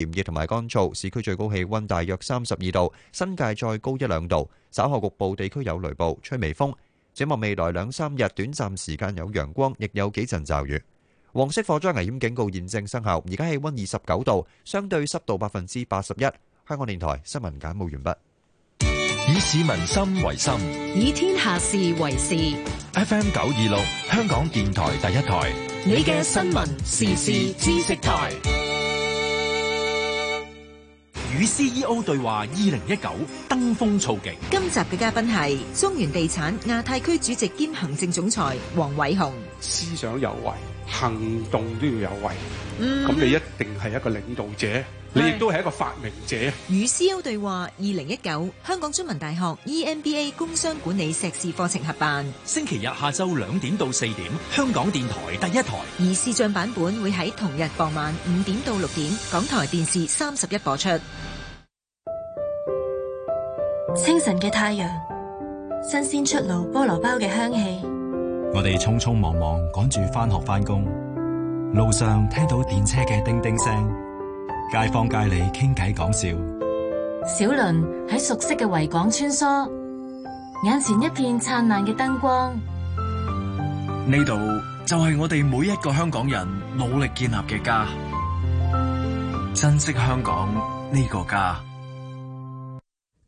炎熱同埋乾燥，市區最高氣溫大約三十二度，新界再高一兩度。稍後局部地區有雷暴，吹微風。展望未來兩三日，短暫時間有陽光，亦有幾陣驟雨。黃色火災危險警告現正生效。而家氣溫二十九度，相對濕度百分之八十一。香港電台新聞簡報完畢。以市民心為心，以天下事為事。FM 九二六，香港電台第一台，你嘅新聞時事知識台。與 CEO 對話2019，登峰造極。今集嘅嘉賓係中原地產亞太區主席兼行政總裁黃偉雄。思想有為，行動都要有為。嗯、咁你一定係一個領導者，是你亦都係一個發明者。與 CEO 對話2019，香港中文大學 EMBA 工商管理碩士課程合辦。星期日下晝兩點到四點，香港電台第一台。而視像版本會喺同日傍晚五點到六點，港台電視三十一播出。清晨嘅太陽，新鮮出爐菠蘿包嘅香氣。我哋匆匆忙忙趕住返學返工，路上聽到電車嘅叮叮聲，街坊街里傾偈講笑。小輪喺熟悉嘅維港穿梭，眼前一片燦爛嘅燈光。呢度就係我哋每一個香港人努力建立嘅家，珍惜香港呢個家。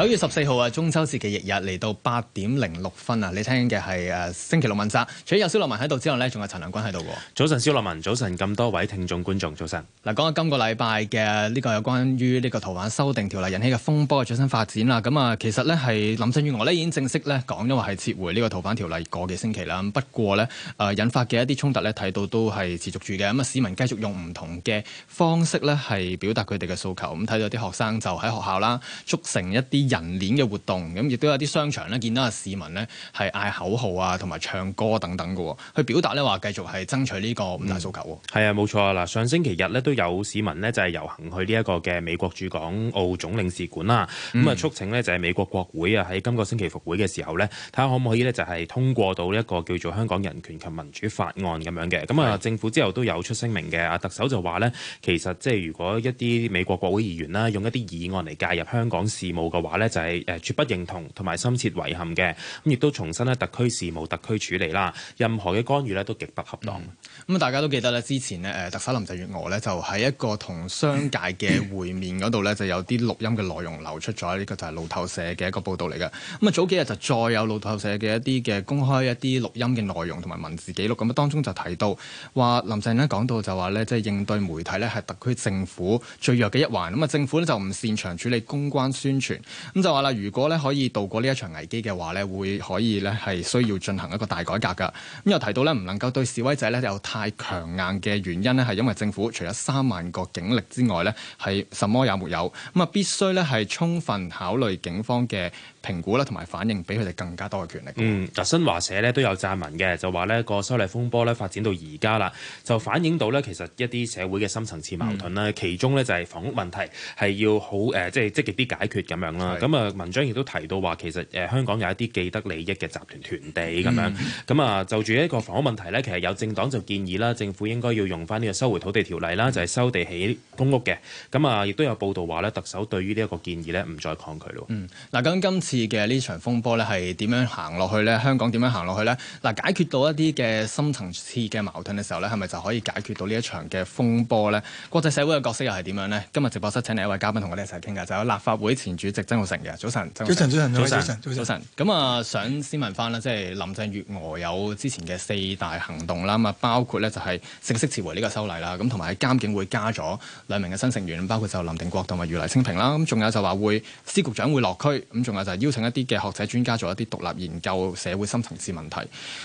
九月十四號啊，中秋節嘅翌日嚟到八點零六分啊！你聽嘅係誒星期六問責，除咗有蕭洛汶喺度之外呢仲有陳亮均喺度喎。早晨，蕭洛汶，早晨！咁多位聽眾觀眾，早晨！嗱，講下今個禮拜嘅呢個有關於呢個逃犯修訂條例引起嘅風波嘅最新發展啦。咁啊，其實呢係林鄭月娥呢已經正式咧講，因為係撤回呢個逃犯條例個幾星期啦。不過呢，誒引發嘅一啲衝突呢，睇到都係持續住嘅。咁啊，市民繼續用唔同嘅方式呢係表達佢哋嘅訴求。咁睇到啲學生就喺學校啦，促成一啲。人鏈嘅活動，咁亦都有啲商場呢見到啊市民呢，係嗌口號啊，同埋唱歌等等嘅，去表達呢話繼續係爭取呢個五大訴求。係、嗯、啊，冇錯啊！嗱，上星期日呢，都有市民呢，就係遊行去呢一個嘅美國駐港澳總領事館啦。咁、嗯、啊，促請呢，就係美國國會啊，喺今個星期復會嘅時候呢，睇下可唔可以呢，就係通過到呢一個叫做香港人權及民主法案咁樣嘅。咁啊，政府之後都有出聲明嘅，啊特首就話呢，其實即係如果一啲美國國會議員啦，用一啲議案嚟介入香港事務嘅話，話咧就係、是、誒絕不認同，同埋深切遺憾嘅，咁亦都重申咧特區事務特區處理啦，任何嘅干預咧都極不恰當。咁、嗯、啊，大家都記得咧，之前咧誒特首林鄭月娥咧就喺一個同商界嘅會面嗰度咧，就有啲錄音嘅內容流出咗，呢、 呢個就係路透社嘅一個報導嚟嘅。咁啊，早幾日就再有路透社嘅一啲嘅公開一啲錄音嘅內容同埋文字記錄，咁啊，當中就提到話林鄭呢講到就話呢，即係應對媒體呢係特區政府最弱嘅一環，咁啊政府呢就唔擅長處理公關宣傳。咁就話啦，如果咧可以度過呢一場危機嘅話咧，會可以咧係需要進行一個大改革噶。咁又提到咧，唔能夠對示威者咧有太強硬嘅原因呢係因為政府除咗三萬個警力之外咧，係什麼也沒有。咁啊，必須咧係充分考慮警方嘅評估啦，同埋反應畀佢哋更加多嘅權力。嗯，嗱，新華社咧都有撰文嘅，就話呢個修例風波咧發展到而家啦，就反映到咧其實一啲社會嘅深層次矛盾啦、嗯，其中咧就係房屋問題係要好誒，即、呃、係、就是、積極啲解決咁樣啦。咁啊，文章亦都提到話，其實誒香港有一啲既得利益嘅集團團地咁樣。咁、嗯、啊，就住一個房屋問題咧，其實有政黨就建議啦，政府應該要用翻呢個收回土地條例啦，就係、是、收地起公屋嘅。咁啊，亦都有報道話咧，特首對於呢一個建議咧，唔再抗拒咯。嗯，嗱，咁今次嘅呢場風波咧，係點樣行落去呢？香港點樣行落去呢？嗱，解決到一啲嘅深層次嘅矛盾嘅時候咧，係咪就可以解決到呢一場嘅風波呢？國際社會嘅角色又係點樣呢？今日直播室請嚟一位嘉賓同我哋一齊傾偈就係、是、立法會前主席曾早晨嘅早晨，早晨、早晨、早晨、早晨、早晨咁啊！想先問翻咧，即係林鄭月娥有之前嘅四大行動啦，咁啊，包括咧就係正式撤回呢個修例啦，咁同埋喺監警會加咗兩名嘅新成員，包括就林定國同埋余黎青萍啦，咁仲有就話會司局長會落區，咁仲有就係邀請一啲嘅學者專家做一啲獨立研究社會深層次問題。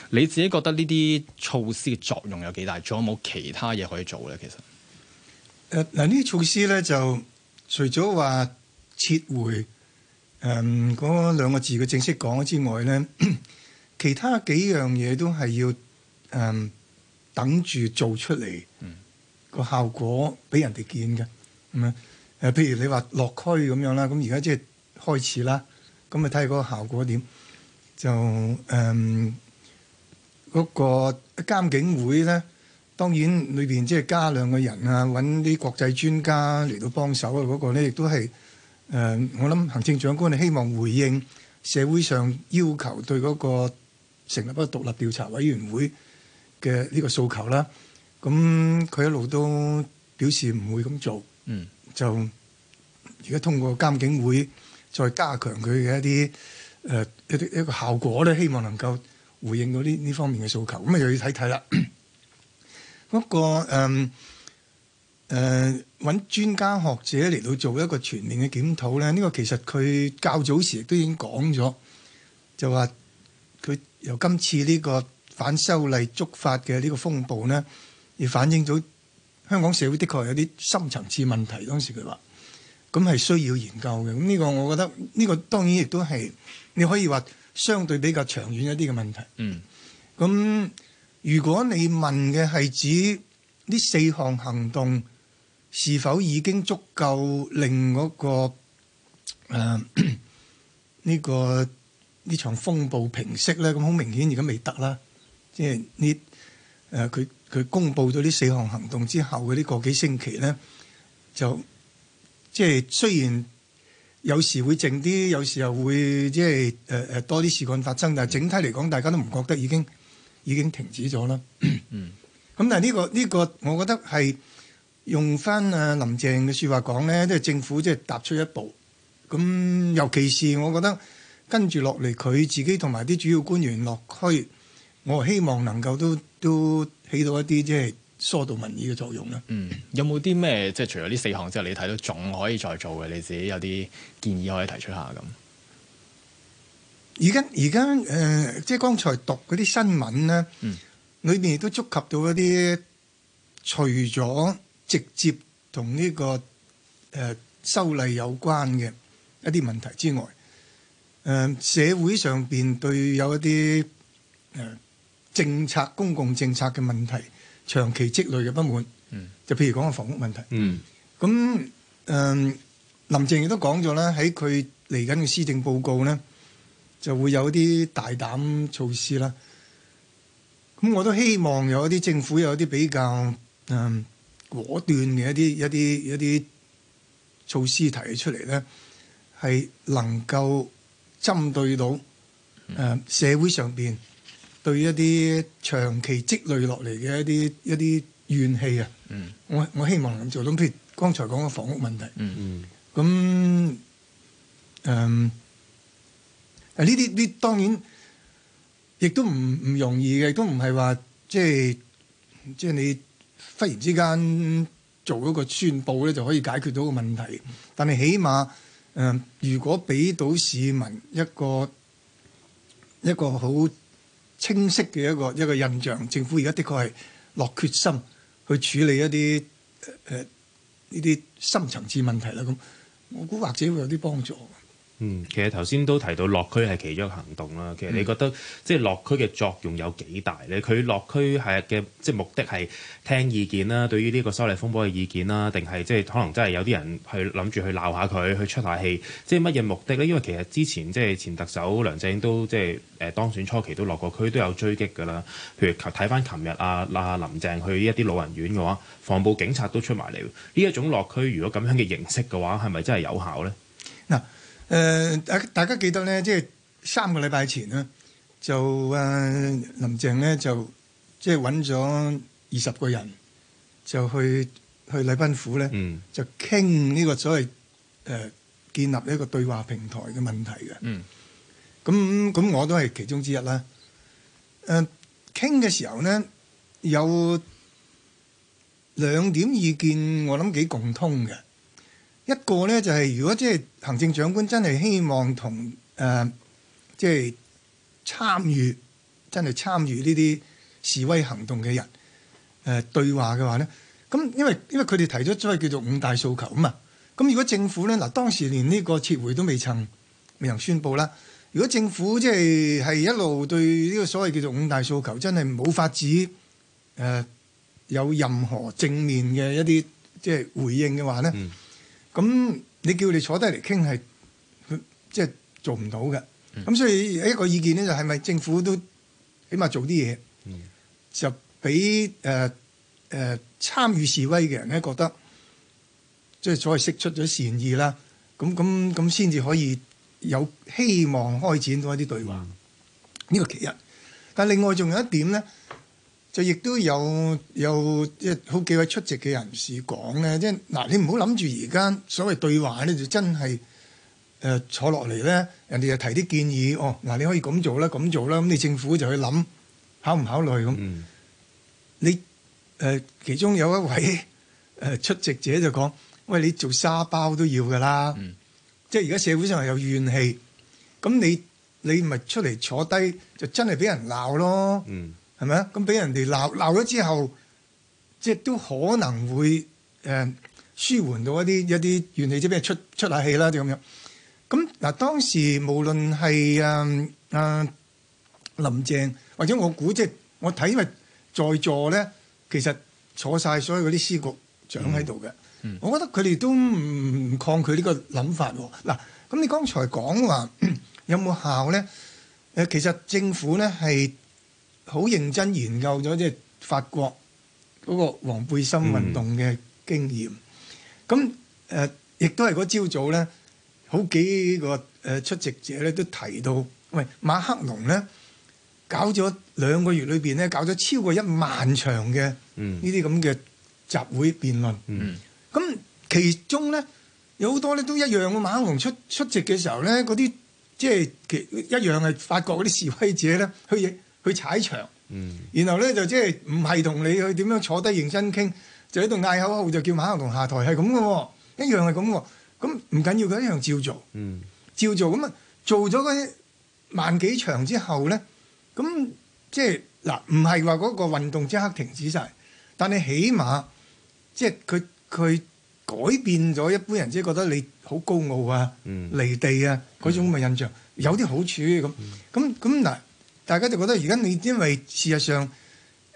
你自己覺得呢啲措施嘅作用有幾大？仲有冇其他嘢可以做咧？其實誒，嗱呢啲措施咧就除咗話撤回。嗯，嗰兩個字佢正式講之外咧，其他幾樣嘢都係要嗯等住做出嚟、嗯、個效果俾人哋見嘅咁啊！誒、嗯，譬如你話落區咁樣啦，咁而家即係開始啦，咁啊，睇下個效果點就誒嗰、嗯嗰個監警會咧，當然裏邊即係加兩個人啊，搵啲國際專家嚟到幫手啊、嗰個，嗰、嗰個咧亦都係。誒，我諗行政長官係希望回應社會上要求對嗰個成立一個獨立調查委員會嘅呢個訴求啦。咁佢一路都表示唔會咁做，嗯，就而家通過監警會再加強佢嘅一啲誒一啲一個效果咧，希望能夠回應到呢呢方面嘅訴求。咁啊，又要睇睇啦。不過誒，嗯誒、呃，搵專家學者嚟到做一個全面嘅檢討咧，呢、這個其實佢較早時亦都已經講咗，就話佢由今次呢個反修例觸發嘅呢個風暴咧，而反映咗香港社會的確有啲深層次問題。當時佢話咁係需要研究嘅，咁、這、呢個我覺得呢、這個當然亦都係你可以話相對比較長遠一啲嘅問題。嗯，咁如果你問嘅係指呢四項行動，是否已經足夠令嗰個誒呢個呢場風暴平息咧？咁好明顯而家未得啦，即係呢誒佢佢公布咗呢四項行，行動之後，嗰呢個幾星期咧就即係雖然有時會靜啲，有時候會即係誒誒多啲事件發生，但係整體嚟講，大家都唔覺得已經已經停止咗啦。嗯，咁 但係呢個呢個，這個、我覺得係。用翻啊林鄭嘅說話講咧，即係政府即係踏出一步。咁尤其是我覺得跟住落嚟，佢自己同埋啲主要官員落區，我希望能夠都都起到一啲即係疏導民意嘅作用啦。嗯，有冇啲咩即係除咗呢四項之後，你睇到仲可以再做嘅？你自己有啲建議可以提出下咁。而家而家誒，即係剛才讀嗰啲新聞咧，嗯，裏面亦都觸及到一啲，除咗。直接同呢個誒、呃、修例有關嘅一啲問題之外，誒、呃、社會上邊對有一啲誒、呃、政策、公共政策嘅問題長期積累嘅不滿，mm. 就譬如講個房屋問題。咁、mm. 誒、呃、林鄭亦都講咗啦，喺佢嚟緊嘅施政報告咧，就會有啲大膽措施啦。咁我都希望有一啲政府有一啲比較誒、呃果斷嘅一啲一啲一啲措施提出嚟咧，係能夠針對到誒社會上邊對一啲長期積累落嚟嘅一啲一啲怨氣啊！嗯、我我希望能做到，譬如剛才講嘅房屋問題，咁誒誒呢啲呢當然亦都唔唔容易嘅，都唔係話即係即係你。忽然之間做一個宣佈咧，就可以解決到個問題。但係起碼，誒、呃，如果俾到市民一個一個好清晰嘅一個一個印象，政府而家的確係落決心去處理一啲誒呢啲深層次問題啦。咁我估或者會有啲幫助。嗯，其實頭先都提到落區係其中一個行動啦。其實你覺得、嗯、即係落區嘅作用有幾大咧？佢落區係嘅即係目的係聽意見啦，對於呢個修例風波嘅意見啦，定係即係可能真係有啲人想去諗住去鬧下佢，去出下氣，即係乜嘢目的咧？因為其實之前即係前特首梁振英都即係誒當選初期都落過區，都有追擊㗎啦。譬如睇翻琴日啊，阿林鄭去一啲老人院嘅話，防暴警察都出埋嚟。呢一種落區如果咁樣嘅形式嘅話，係咪真係有效咧？誒、呃，大大家記得咧，即係三個禮拜前咧，就誒、呃、林鄭咧，就即係揾咗二十個人，就去去禮賓府咧、嗯，就傾呢個所謂誒、呃、建立一個對話平台嘅問題嘅。咁、嗯、咁我都係其中之一啦。誒、呃，傾嘅時候咧，有兩點意見，我諗幾共通嘅。一個咧就係、是，如果即係行政長官真係希望同誒即係參與真係參與呢啲示威行動嘅人誒、呃、對話嘅話咧，咁因為因為佢哋提咗所謂叫做五大訴求啊嘛，咁如果政府咧嗱當時連呢個撤回都未曾未曾宣佈啦，如果政府即係係一路對呢個所謂叫做五大訴求真係冇法子誒、呃、有任何正面嘅一啲即係回應嘅話咧。嗯咁你叫佢坐低嚟傾，係佢即係做唔到嘅。咁、嗯、所以一個意見咧，就係咪政府都起碼做啲嘢，嗯、就俾誒誒參與示威嘅人咧覺得，即係所謂釋出咗善意啦。咁咁咁先至可以有希望開展到一啲對話。呢個其一，但另外仲有一點咧。就亦都有有即係好幾位出席嘅人士講咧，即係嗱，你唔好諗住而家所謂對話咧，你就真係誒坐落嚟咧，人哋又提啲建議哦，嗱，你可以咁做啦，咁做啦，咁你政府就去諗考唔考慮咁、嗯。你誒、呃、其中有一位誒出席者就講：喂，你做沙包都要噶啦、嗯，即係而家社會上係有怨氣，咁你你咪出嚟坐低就真係俾人鬧咯。嗯係咪？咁俾人哋鬧鬧咗之後，即係都可能會誒舒緩到一啲一啲怨氣，即係出出下氣啦啲咁樣。咁嗱，當時無論係誒誒林鄭或者我估即係我睇，因為在座咧，其實坐晒所有嗰啲司局長喺度嘅，我覺得佢哋都唔抗拒呢個諗法。嗱，咁你剛才講話 有冇效咧？誒，其實政府咧係。好認真研究咗即係法國嗰個黃背心運動嘅經驗。咁、mm、誒 -hmm. 呃，亦都係嗰朝早咧，好幾個誒出席者咧都提到，喂，馬克龍咧搞咗兩個月裏邊咧，搞咗超過一萬場嘅呢啲咁嘅集會辯論。咁、mm -hmm. 其中咧有好多咧都一樣，馬克龍出出席嘅時候咧，嗰啲即係一樣係法國嗰啲示威者咧佢。佢踩場，然後咧就即係唔係同你去點樣坐低認真傾，就喺度嗌口號就叫馬克同下台，係咁嘅喎，一樣係咁喎，咁唔緊要佢一樣照做，照做咁啊，做咗嗰萬幾場之後咧，咁即係嗱，唔係話嗰個運動即刻停止晒，但係起碼即係佢佢改變咗一般人即係、就是、覺得你好高傲啊、離地啊嗰種咁嘅印象，有啲好處咁，咁咁嗱。大家就覺得而家你因為事實上，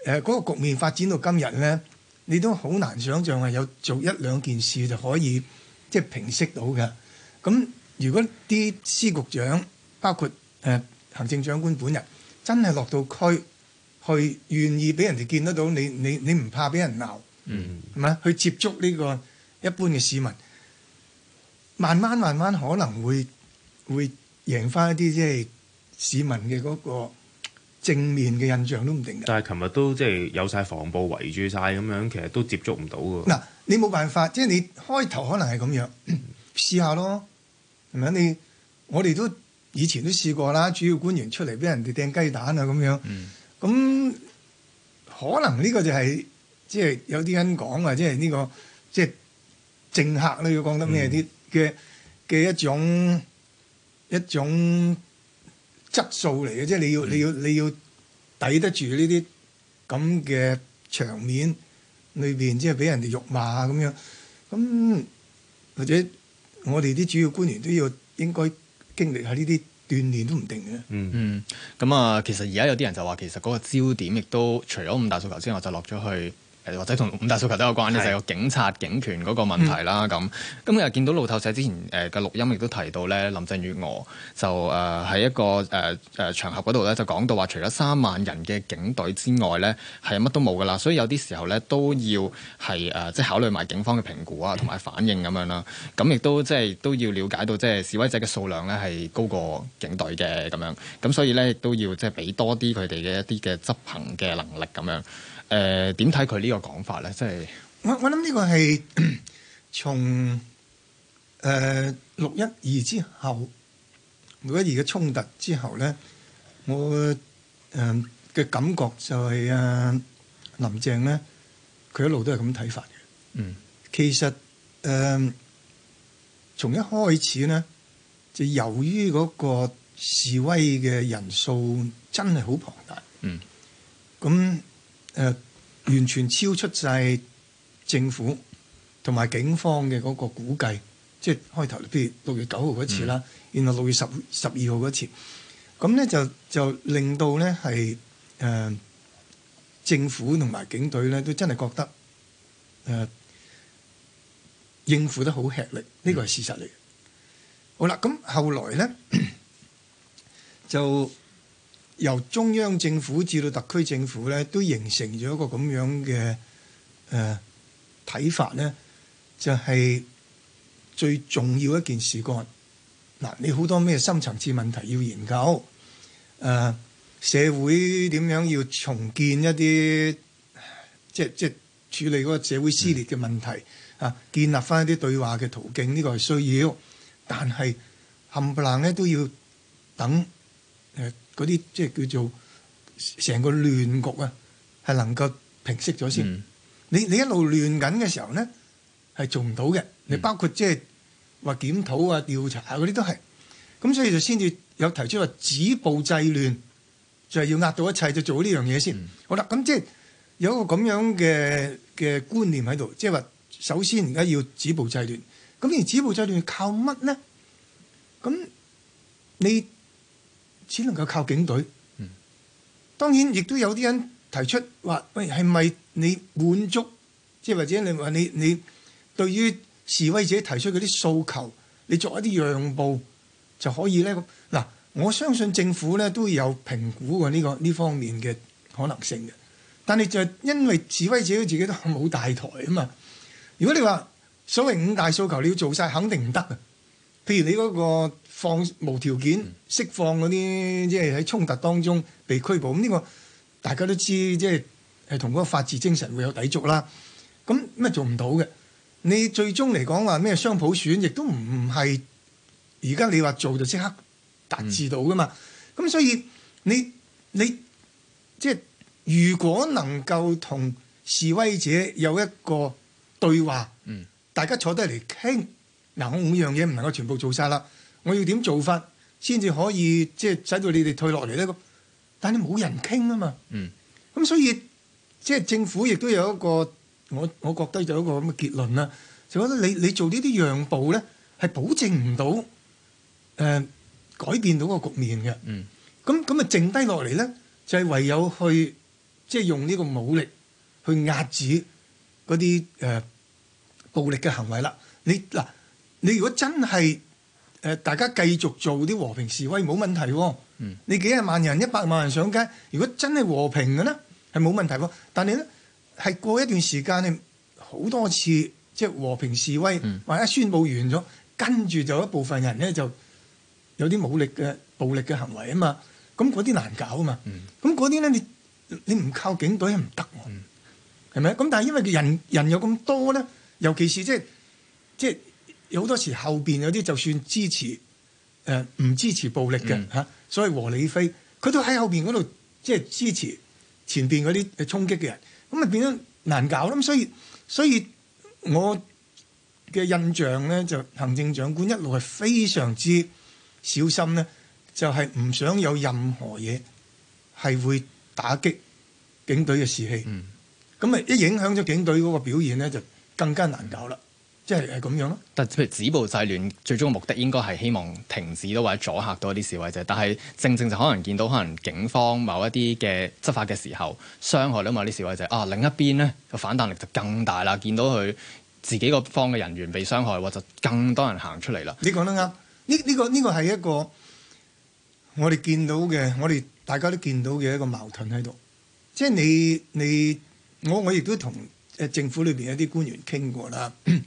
誒嗰個局面發展到今日咧，你都好難想像係有做一兩件事就可以即係平息到嘅。咁如果啲司局長包括誒行政長官本人真係落到區去去願意俾人哋見得到，你你你唔怕俾人鬧，嗯，係咪？去接觸呢個一般嘅市民，慢慢慢慢可能會會贏翻一啲即係市民嘅嗰個。正面嘅印象都唔定嘅，但係琴日都即係、就是、有晒防暴圍住晒咁樣，其實都接觸唔到㗎。嗱，你冇辦法，即係你開頭可能係咁樣試下咯，係咪？你我哋都以前都試過啦，主要官員出嚟俾人哋掟雞蛋啊，咁樣，咁、嗯、可能呢個就係即係有啲人講啊，即係呢個即係政客都要講得咩啲嘅嘅一種一種。一種質素嚟嘅，即係你要你要你要抵得住呢啲咁嘅場面裏邊，即係俾人哋辱罵咁樣，咁或者我哋啲主要官員都要應該經歷下呢啲鍛鍊都唔定嘅。嗯嗯，咁、嗯、啊，其實而家有啲人就話，其實嗰個焦點亦都除咗五大訴求之外，我就落咗去。誒或者同五大訴求都有關呢，就係、是、個警察警權嗰個問題啦。咁咁又見到路透社之前誒嘅錄音，亦都提到咧，林鄭月娥就誒喺一個誒誒場合度咧，就講到話，除咗三萬人嘅警隊之外咧，係乜都冇㗎啦。所以有啲時候咧，都要係誒即係考慮埋警方嘅評估啊，同埋反應咁、嗯、樣啦。咁亦都即係都要了解到，即係示威者嘅數量咧係高過警隊嘅咁樣。咁所以咧，亦都要即係俾多啲佢哋嘅一啲嘅執行嘅能力咁樣。誒、呃，點睇佢呢、就是、個講法咧？即係我我諗呢個係從誒六一二之後，六一二嘅衝突之後咧，我誒嘅、呃、感覺就係、是、啊林鄭咧，佢一路都係咁睇法嘅。嗯，其實誒從、呃、一開始咧，就由於嗰個示威嘅人數真係好龐大。嗯，咁。誒，完全超出晒政府同埋警方嘅嗰個估計，即係開頭，譬如六月九號嗰次啦，然後六月十十二號嗰次，咁咧就就令到咧係誒政府同埋警隊咧都真係覺得誒應付得好吃力，呢個係事實嚟嘅。好啦，咁後來咧就。由中央政府至到特區政府咧，都形成咗一個咁樣嘅誒睇法咧，就係、是、最重要一件事幹。嗱，你好多咩深層次問題要研究，誒、呃、社會點樣要重建一啲，即係即係處理嗰個社會撕裂嘅問題、嗯、啊，建立返一啲對話嘅途徑，呢、這個係需要。但係冚唪唥咧都要等誒。呃嗰啲即係叫做成個亂局啊，係能夠平息咗先。Mm. 你你一路亂緊嘅時候咧，係做唔到嘅。Mm. 你包括即係話檢討啊、調查啊嗰啲都係。咁所以就先至有提出話止暴制亂，就係要壓到一切，就做呢樣嘢先。Mm. 好啦，咁即係有一個咁樣嘅嘅觀念喺度，即係話首先而家要止暴制亂。咁而止暴制亂靠乜咧？咁你？只能夠靠警隊。嗯、當然，亦都有啲人提出話：喂，係咪你滿足？即係或者你話你你對於示威者提出嗰啲訴求，你作一啲讓步就可以咧？嗱，我相信政府咧都有評估過呢個呢方面嘅可能性嘅。但係就因為示威者自己都冇大台啊嘛。如果你話所謂五大訴求你要做晒肯定唔得啊！譬如你嗰個。放無條件釋放嗰啲，即係喺衝突當中被拘捕，咁呢個大家都知，即係係同嗰個法治精神會有抵觸啦。咁咩做唔到嘅？你最終嚟講話咩雙普選，亦都唔係而家你話做就即刻達至到噶嘛？咁、嗯、所以你你即係、就是、如果能夠同示威者有一個對話，嗯、大家坐低嚟傾，嗱，我五樣嘢唔能夠全部做晒啦。我要點做法先至可以即係使到你哋退落嚟咧？咁但係冇人傾啊嘛。嗯。咁所以即係、就是、政府亦都有一個，我我覺得有一個咁嘅結論啦。就覺得你你做呢啲讓步咧，係保證唔到誒改變到個局面嘅。嗯。咁咁咪剩低落嚟咧，就係唯有去即係、就是、用呢個武力去壓止嗰啲誒暴力嘅行為啦。你嗱，你如果真係誒，大家繼續做啲和平示威冇問題，哦。嗯，你幾廿萬人、一百萬人上街，如果真係和平嘅咧，係冇問題。但係咧，係過一段時間咧，好多次即係和平示威，或者宣佈完咗，跟住就一部分人咧就有啲武力嘅暴力嘅行為啊嘛。咁嗰啲難搞啊嘛。咁嗰啲咧，你你唔靠警隊係唔得，係咪？咁但係因為人人有咁多咧，尤其是即係即係。有好多時後邊有啲就算支持，誒、呃、唔支持暴力嘅嚇、嗯就是，所謂和理非佢都喺後邊嗰度即係支持前邊嗰啲衝擊嘅人，咁咪變咗難搞咯。咁所以所以我嘅印象咧，就行政長官一路係非常之小心咧，就係、是、唔想有任何嘢係會打擊警隊嘅士氣。咁、嗯、咪一影響咗警隊嗰個表現咧，就更加難搞啦。即係係咁樣咯。但譬如止暴制亂，最終嘅目的應該係希望停止到或者阻嚇到一啲示威者。但係正正就可能見到，可能警方某一啲嘅執法嘅時候，傷害到某啲示威者。啊，另一邊咧，個反彈力就更大啦。見到佢自己個方嘅人員被傷害，或就更多人行出嚟啦。你講得啱，呢呢個呢個係一個我哋見到嘅，我哋大家都見到嘅一個矛盾喺度。即係你你我我亦都同誒政府裏邊一啲官員傾過啦。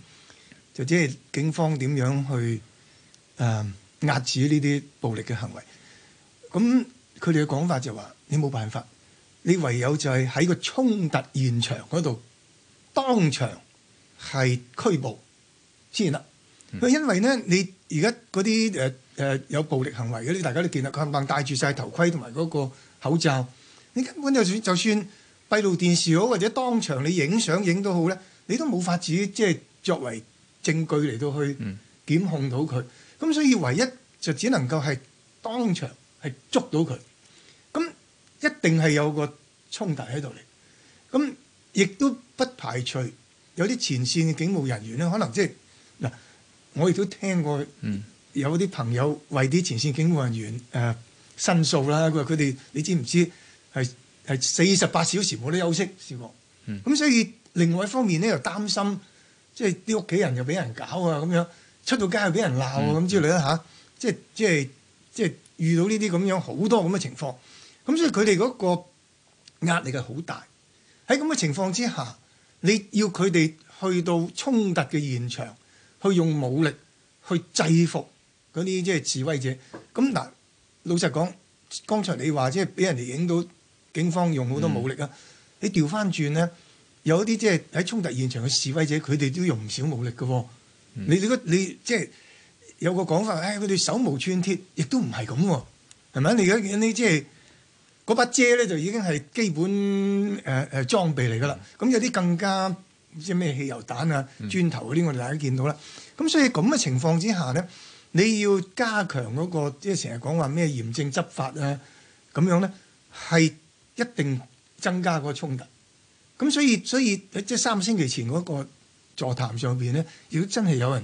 就即、是、係警方點樣去誒、呃、壓止呢啲暴力嘅行為？咁佢哋嘅講法就話：你冇辦法，你唯有就係喺個衝突現場嗰度當場係拘捕先得。佢、嗯、因為咧，你而家嗰啲誒誒有暴力行為嗰啲，大家都見啦，佢冚唪唥戴住晒頭盔同埋嗰個口罩，你根本就算就算閉路電視好，或者當場你影相影都好咧，你都冇法子，即係作為，證據嚟到去檢控到佢，咁、嗯、所以唯一就只能夠係當場係捉到佢，咁一定係有個衝突喺度嚟，咁亦都不排除有啲前、就是、前線嘅警務人員咧，可能即係嗱，我亦都聽過有啲朋友為啲前線警務人員誒申訴啦，佢話佢哋你知唔知係係四十八小時冇得休息，試過，咁、嗯、所以另外一方面咧又擔心。即係啲屋企人又俾人搞啊咁樣，出到街又俾人鬧啊咁之類啦嚇，即係即係即係遇到呢啲咁樣好多咁嘅情況，咁所以佢哋嗰個壓力係好大。喺咁嘅情況之下，你要佢哋去到衝突嘅現場，去用武力去制服嗰啲即係示威者。咁嗱，老實講，剛才你話即係俾人哋影到警方用好多武力啊，嗯、你調翻轉咧？有一啲即係喺衝突現場嘅示威者，佢哋都用唔少武力嘅、哦 mm.。你你個你即係有個講法，誒佢哋手無寸鐵，亦都唔係咁喎，係咪？你而家你即係嗰把遮咧，就已經係基本誒誒、呃、裝備嚟㗎啦。咁、mm. 有啲更加唔知咩汽油彈啊、磚頭嗰啲，我哋大家見到啦。咁、mm. 所以咁嘅情況之下咧，你要加強嗰、那個即係成日講話咩嚴正執法啊，咁樣咧係一定增加個衝突。咁所以，所以喺即係三個星期前嗰個座談上邊咧，如果真係有人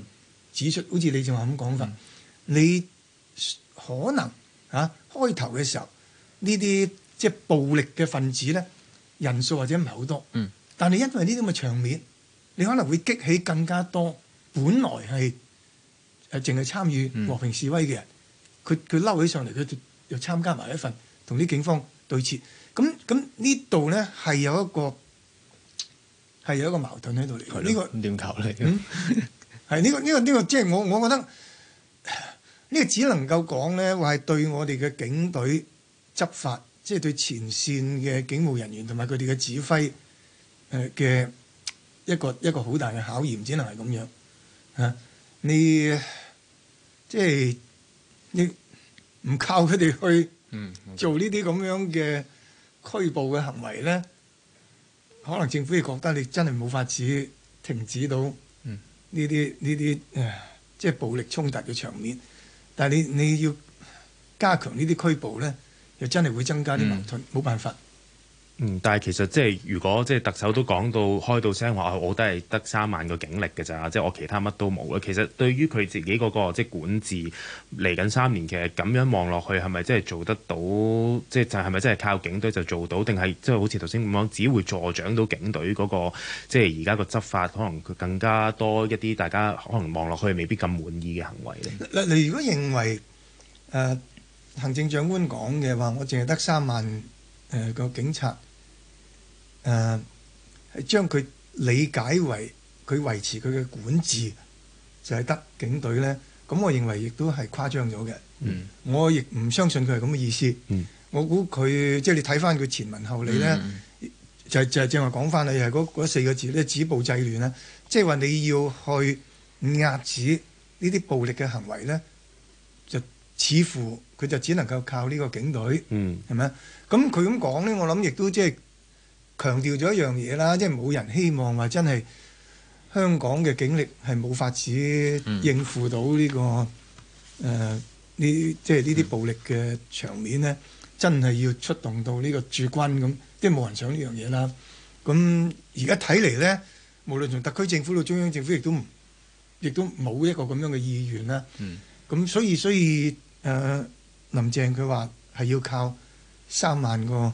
指出，好似你仲話咁講法，你可能吓、啊、開頭嘅時候呢啲即係暴力嘅分子咧人數或者唔係好多，嗯，但係因為呢啲咁嘅場面，你可能會激起更加多本來係誒淨係參與和平示威嘅人，佢佢嬲起上嚟，佢就又參加埋一份同啲警方對峙。咁咁呢度咧係有一個。係有一個矛盾喺度嚟嘅，呢個唔點球嚟？係呢個呢個呢個，即、嗯、係、這個這個就是、我我覺得呢、這個只能夠講咧，話係對我哋嘅警隊執法，即、就、係、是、對前線嘅警務人員同埋佢哋嘅指揮誒嘅一個一個好大嘅考驗，只能係咁樣啊！你即係、就是、你唔靠佢哋去做呢啲咁樣嘅拘捕嘅行為咧？嗯 okay. 可能政府係覺得你真係冇法子停止到呢啲呢啲，即、嗯即係、暴力衝突嘅場面。但係你你要加強呢啲拘捕咧，又真係會增加啲矛盾，冇、嗯、辦法。嗯，但係其實即係如果即係特首都講到開到聲話，啊，我都係得三萬個警力嘅咋，即係我其他乜都冇咧。其實對於佢自己嗰個即管治嚟緊三年，其實咁樣望落去係咪真係做得到？即係就係咪真係靠警隊就做到，定係即係好似頭先咁講，只會助長到警隊嗰個即係而家個執法，可能佢更加多一啲大家可能望落去未必咁滿意嘅行為咧。你如果認為誒行政長官講嘅話，我淨係得三萬誒個警察。誒、啊，係將佢理解為佢維持佢嘅管治，就係、是、得警隊咧。咁我認為亦都係誇張咗嘅。嗯，我亦唔相信佢係咁嘅意思。嗯，我估佢即係你睇翻佢前文後理咧、嗯，就就正話講翻，你係嗰四個字咧，止暴制亂咧，即係話你要去壓止呢啲暴力嘅行為咧，就似乎佢就只能夠靠呢個警隊。嗯，係咪啊？咁佢咁講咧，我諗亦都即係。強調咗一樣嘢啦，即係冇人希望話真係香港嘅警力係冇法子應付到呢、這個誒呢、嗯呃，即係呢啲暴力嘅場面咧、嗯，真係要出動到呢個駐軍咁、嗯，即係冇人想這件事呢樣嘢啦。咁而家睇嚟咧，無論從特區政府到中央政府也，亦都亦都冇一個咁樣嘅意願啦。咁、嗯、所以所以誒、呃，林鄭佢話係要靠三萬個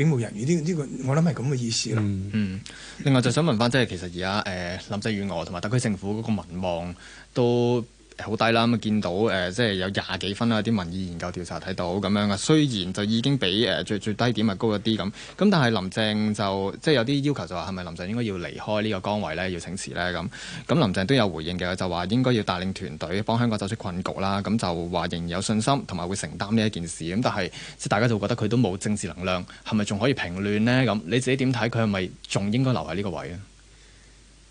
警務人員呢？呢個我諗係咁嘅意思啦。嗯，嗯，另外就想問返，即係其實而家誒林鄭月娥同埋特區政府嗰個民望都。好低啦，咁啊見到誒、呃，即係有廿幾分啦，啲民意研究調查睇到咁樣啊，雖然就已經比誒、呃、最最低點係高一啲咁，咁但係林鄭就即係有啲要求就話係咪林鄭應該要離開呢個崗位呢？要請辭呢？咁。咁林鄭都有回應嘅，就話應該要帶領團隊幫香港走出困局啦。咁就話仍然有信心同埋會承擔呢一件事。咁但係即係大家就會覺得佢都冇政治能量，係咪仲可以平亂呢？咁你自己點睇？佢係咪仲應該留喺呢個位咧？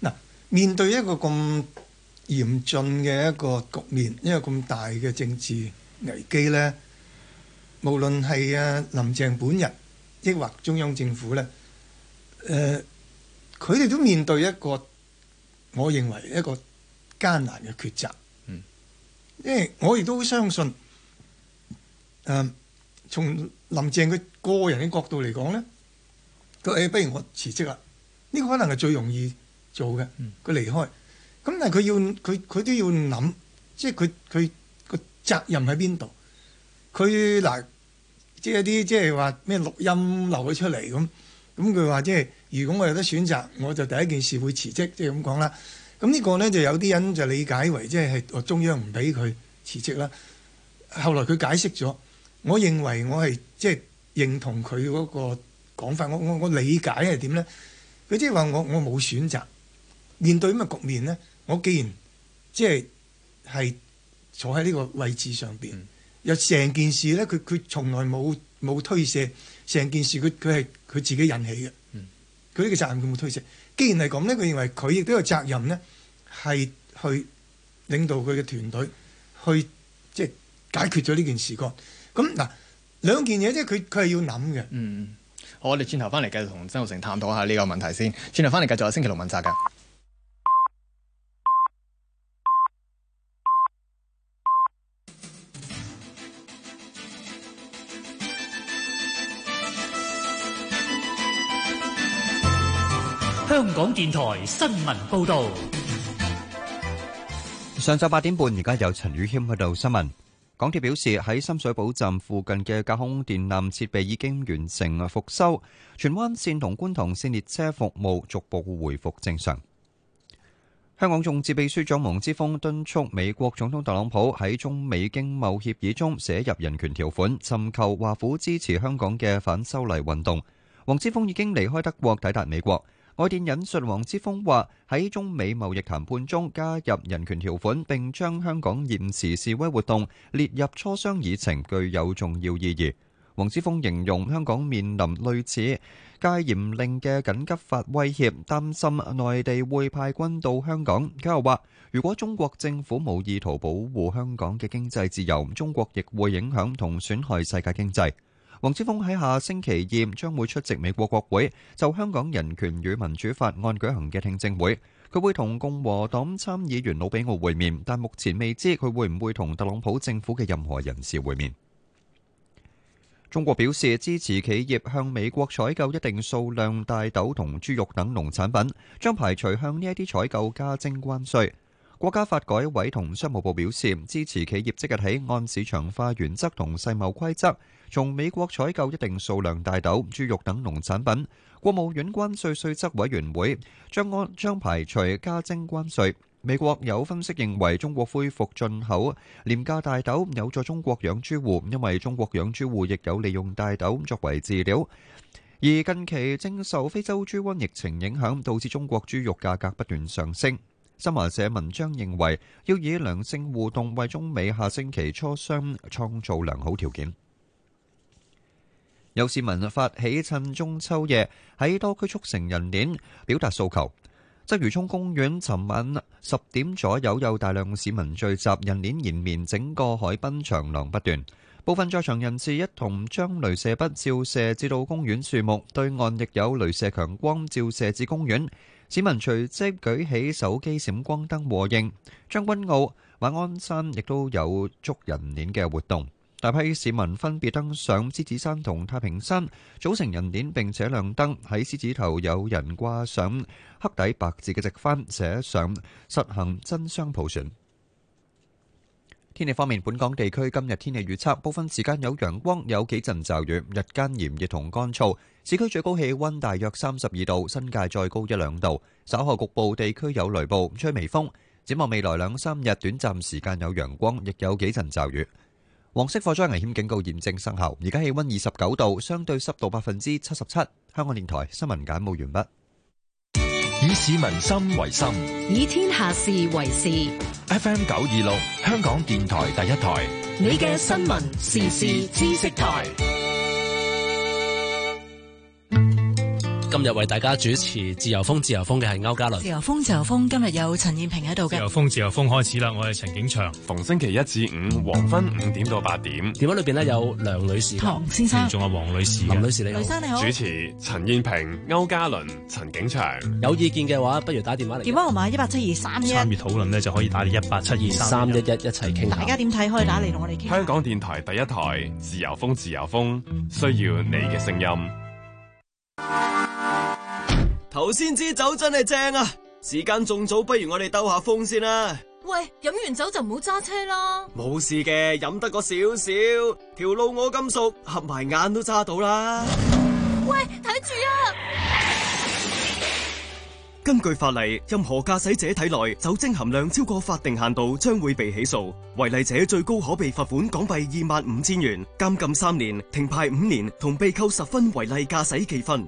嗱，面對一個咁嚴峻嘅一個局面，因為咁大嘅政治危機咧，無論係啊林鄭本人，抑或中央政府咧，誒、呃，佢哋都面對一個我認為一個艱難嘅抉擇。嗯，因為我亦都相信，誒、呃，從林鄭佢個人嘅角度嚟講咧，佢誒、欸，不如我辭職啦，呢、這個可能係最容易做嘅。佢、嗯、離開。咁但係佢要佢佢都要諗，即係佢佢個責任喺邊度？佢嗱，即係啲即係話咩錄音留咗出嚟咁，咁佢話即係如果我有得選擇，我就第一件事會辭職，即係咁講啦。咁呢個咧就有啲人就理解為即係係中央唔俾佢辭職啦。後來佢解釋咗，我認為我係即係認同佢嗰個講法，我我我理解係點咧？佢即係話我我冇選擇。面對咁嘅局面咧，我既然即係係坐喺呢個位置上邊，又成件事咧，佢佢從來冇冇推卸成件事，佢佢係佢自己引起嘅。嗯、佢呢個責任佢冇推卸。既然係咁咧，佢認為佢亦都有責任咧，係去領導佢嘅團隊去即係解決咗呢件事個咁嗱，兩件嘢，即係佢佢係要諗嘅。嗯，好，我哋轉頭翻嚟繼續同曾鈺成探討下呢個問題先。轉頭翻嚟繼續，有星期六問責嘅。香港電台新聞報道，上晝八點半，而家有陳宇謙去到新聞。港鐵表示喺深水埗站附近嘅架空電纜設備已經完成啊，復修荃灣綫同觀塘綫列車服務逐步回復正常。香港眾志秘書長黃之鋒敦促美國總統特朗普喺中美經貿協議中寫入人權條款，尋求華府支持香港嘅反修例運動。黃之鋒已經離開德國，抵達美國。外電引述黃之鋒話,在中美貿易談判中加入人權條款,並將香港延遲示威活動列入磋商議程,具有重要意義。黃之鋒形容香港面臨類似戒嚴令的緊急法威脅,擔心內地會派軍到香港。佢又話,如果中國政府無意圖保護香港的經濟自由,中國亦會影響同損害世界經濟。黃之鋒喺下星期二將會出席美國國會，就香港人權與民主法案舉行嘅聽證會，佢會同共和黨參議員魯比奧會面，但目前未知佢會唔會同特朗普政府嘅任何人士會面。中國表示支持企業向美國採購一定數量大豆同豬肉等農產品，將排除向呢一啲採購加徵關稅。國家發改委同商務部表示，支持企業即日起按市場化原則同世貿規則，從美國採購一定數量大豆、豬肉等農產品。國務院關稅稅則委員會將安將排除加徵關稅。美國有分析認為，中國恢復進口廉價大豆，有助中國養豬戶，因為中國養豬戶亦有利用大豆作為飼料。而近期正受非洲豬瘟疫情影響，導致中國豬肉價格不斷上升。新華社文章認為，要以良性互動為中美下星期磋商創造良好條件。有市民發起趁中秋夜喺多區促成人鏈，表達訴求。鰂魚涌公園尋晚十點左右有大量市民聚集，人鏈延綿整個海濱長廊不斷。部分在場人士一同將鐳射筆照射至到公園樹木，對岸亦有鐳射強光照射至公園。市民隨即舉起手機閃光燈和應，將軍澳、馬鞍山亦都有築人鏈嘅活動。大批市民分別登上獅子山同太平山，組成人鏈並且亮燈。喺獅子頭有人掛上黑底白字嘅直幡，寫上實行真相普選。天氣方面，本港地區今日天氣預測，部分時間有陽光，有幾陣驟雨，日間炎熱同乾燥。市區最高氣溫大約三十二度，新界再高一兩度。稍後局部地區有雷暴，吹微風。展望未來兩三日，短暫時間有陽光，亦有幾陣驟雨。黃色火災危險警告驗證生效。而家氣溫二十九度，相對濕度百分之七十七。香港電台新聞簡報完畢。以市民心為心，以天下事為事。FM 九二六，香港電台第一台。你嘅新聞、時事、知識台。今日為大家主持自由風自由風嘅係歐嘉倫。自由風自由風，今日有陳燕萍喺度嘅。自由風自由風開始啦！我係陳景祥，逢星期一至五黃昏五點到八點。電話裏邊咧有梁女士、唐先生，仲有黃女士、林女士，你好，主持人陳燕萍、歐嘉倫、陳景祥。有意見嘅話，不如打電話嚟。電話號碼一八七二三一。參與討論呢，就可以打一八七二三一一一齊傾。大家點睇？可以打嚟同我哋傾、嗯。香港電台第一台自由風自由風，需要你嘅聲音。頭先支酒真係正啊！時間仲早，不如我哋兜下風先啦。喂，飲完酒就唔好揸車啦。冇事嘅，飲得個少少，條路我咁熟，合埋眼都揸到啦。喂，睇住啊！根據法例，任何駕駛者體內酒精含量超過法定限度，將會被起訴。違例者最高可被罰款港幣二萬五千元，監禁三年，停牌五年同被扣十分違例駕駛記分。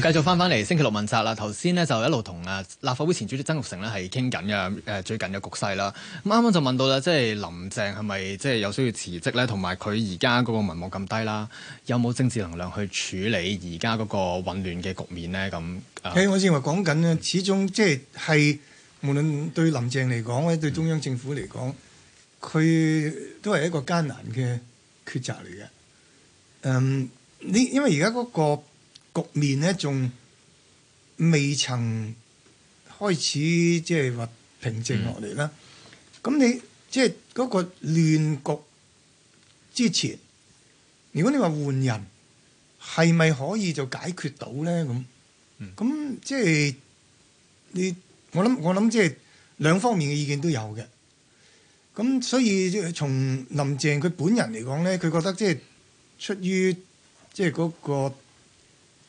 繼續翻翻嚟，星期六問責啦，頭先咧就一路同啊立法會前主席曾鈺成咧係傾緊嘅，誒最近嘅局勢啦。啱啱就問到啦，即係林鄭係咪即係有需要辭職咧？同埋佢而家嗰個民望咁低啦，有冇政治能量去處理而家嗰個混亂嘅局面咧？咁誒，我認為講緊咧，始終即係係無論對林鄭嚟講或者對中央政府嚟講，佢都係一個艱難嘅抉擇嚟嘅。嗯、呢、嗯、因為而家嗰個局面咧仲未曾開始，即係話平靜落嚟啦。咁、嗯、你即係嗰個亂局之前，如果你話換人，係咪可以就解決到咧？咁，咁即係你我諗，我諗即係兩方面嘅意見都有嘅。咁所以從林鄭佢本人嚟講咧，佢覺得即係出於即係嗰個。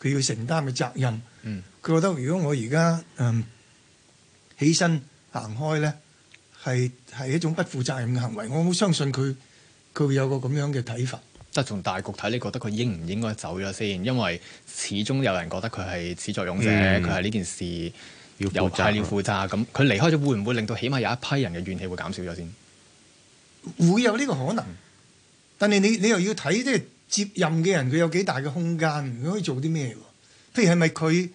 佢要承擔嘅責任，佢、嗯、覺得如果我而家嗯起身行開咧，係係一種不負責任嘅行為。我好相信佢，佢會有個咁樣嘅睇法。但從大局睇，你覺得佢應唔應該走咗先？因為始終有人覺得佢係始作俑者，佢係呢件事有要負責任。負責，咁，佢離開咗會唔會令到起碼有一批人嘅怨氣會減少咗先？會有呢個可能，嗯、但係你你又要睇即接任嘅人佢有幾大嘅空間，佢可以做啲咩？譬如係咪佢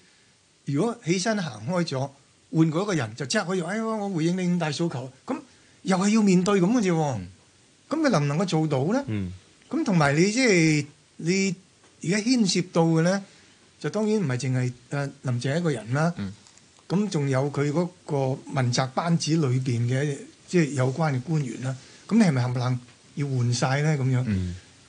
如果起身行開咗，換嗰一個人就即刻可以，哎，我回應你咁大訴求，咁又係要面對咁嘅啫。咁佢能唔能夠做到咧？咁同埋你即係、就是、你而家牽涉到嘅咧，就當然唔係淨係誒林鄭一個人啦。咁、嗯、仲有佢嗰個問責班子裏邊嘅即係有關嘅官員啦。咁你係咪冚唪唥要換晒咧？咁樣？嗯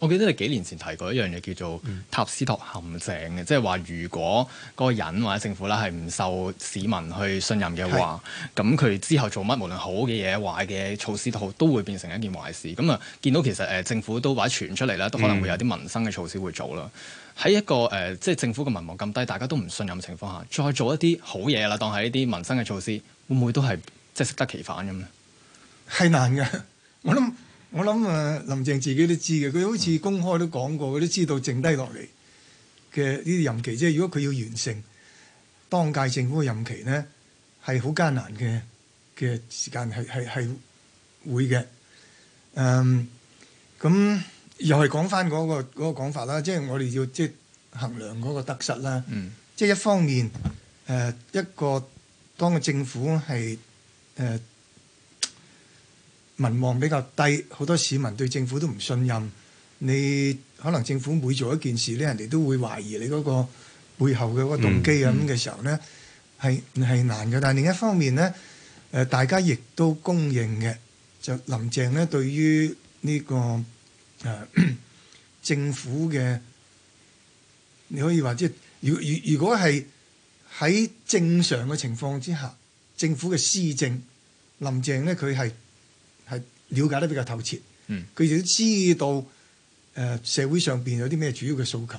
我記得你幾年前提過一樣嘢叫做塔斯托陷阱嘅，即係話如果個人或者政府咧係唔受市民去信任嘅話，咁佢之後做乜，無論好嘅嘢、壞嘅措施都好，都會變成一件壞事。咁啊，見到其實誒、呃、政府都或者傳出嚟咧，都可能會有啲民生嘅措施會做啦。喺、嗯、一個誒，即、呃、係政府嘅民望咁低，大家都唔信任嘅情況下，再做一啲好嘢啦，當係一啲民生嘅措施，會唔會都係即係適得其反咁咧？係難嘅，我諗。我諗啊，林鄭自己都知嘅，佢好似公開都講過，佢都知道剩低落嚟嘅呢啲任期。即係如果佢要完成當屆政府嘅任期咧，係好艱難嘅嘅時間，係係係會嘅。嗯，咁又係講翻嗰個嗰個講法啦，即係我哋要即係衡量嗰個得失啦。嗯，即係一方面，誒、呃、一個當個政府係誒。呃民望比較低，好多市民對政府都唔信任。你可能政府每做一件事咧，人哋都會懷疑你嗰個背後嘅嗰個動機咁嘅、嗯、時候咧，係係難嘅。但係另一方面咧，誒大家亦都公認嘅，就林鄭咧對於呢、這個誒、呃、政府嘅，你可以話即係，如如如果係喺正常嘅情況之下，政府嘅施政，林鄭咧佢係。了解得比較透徹，佢亦都知道誒、呃、社會上邊有啲咩主要嘅訴求。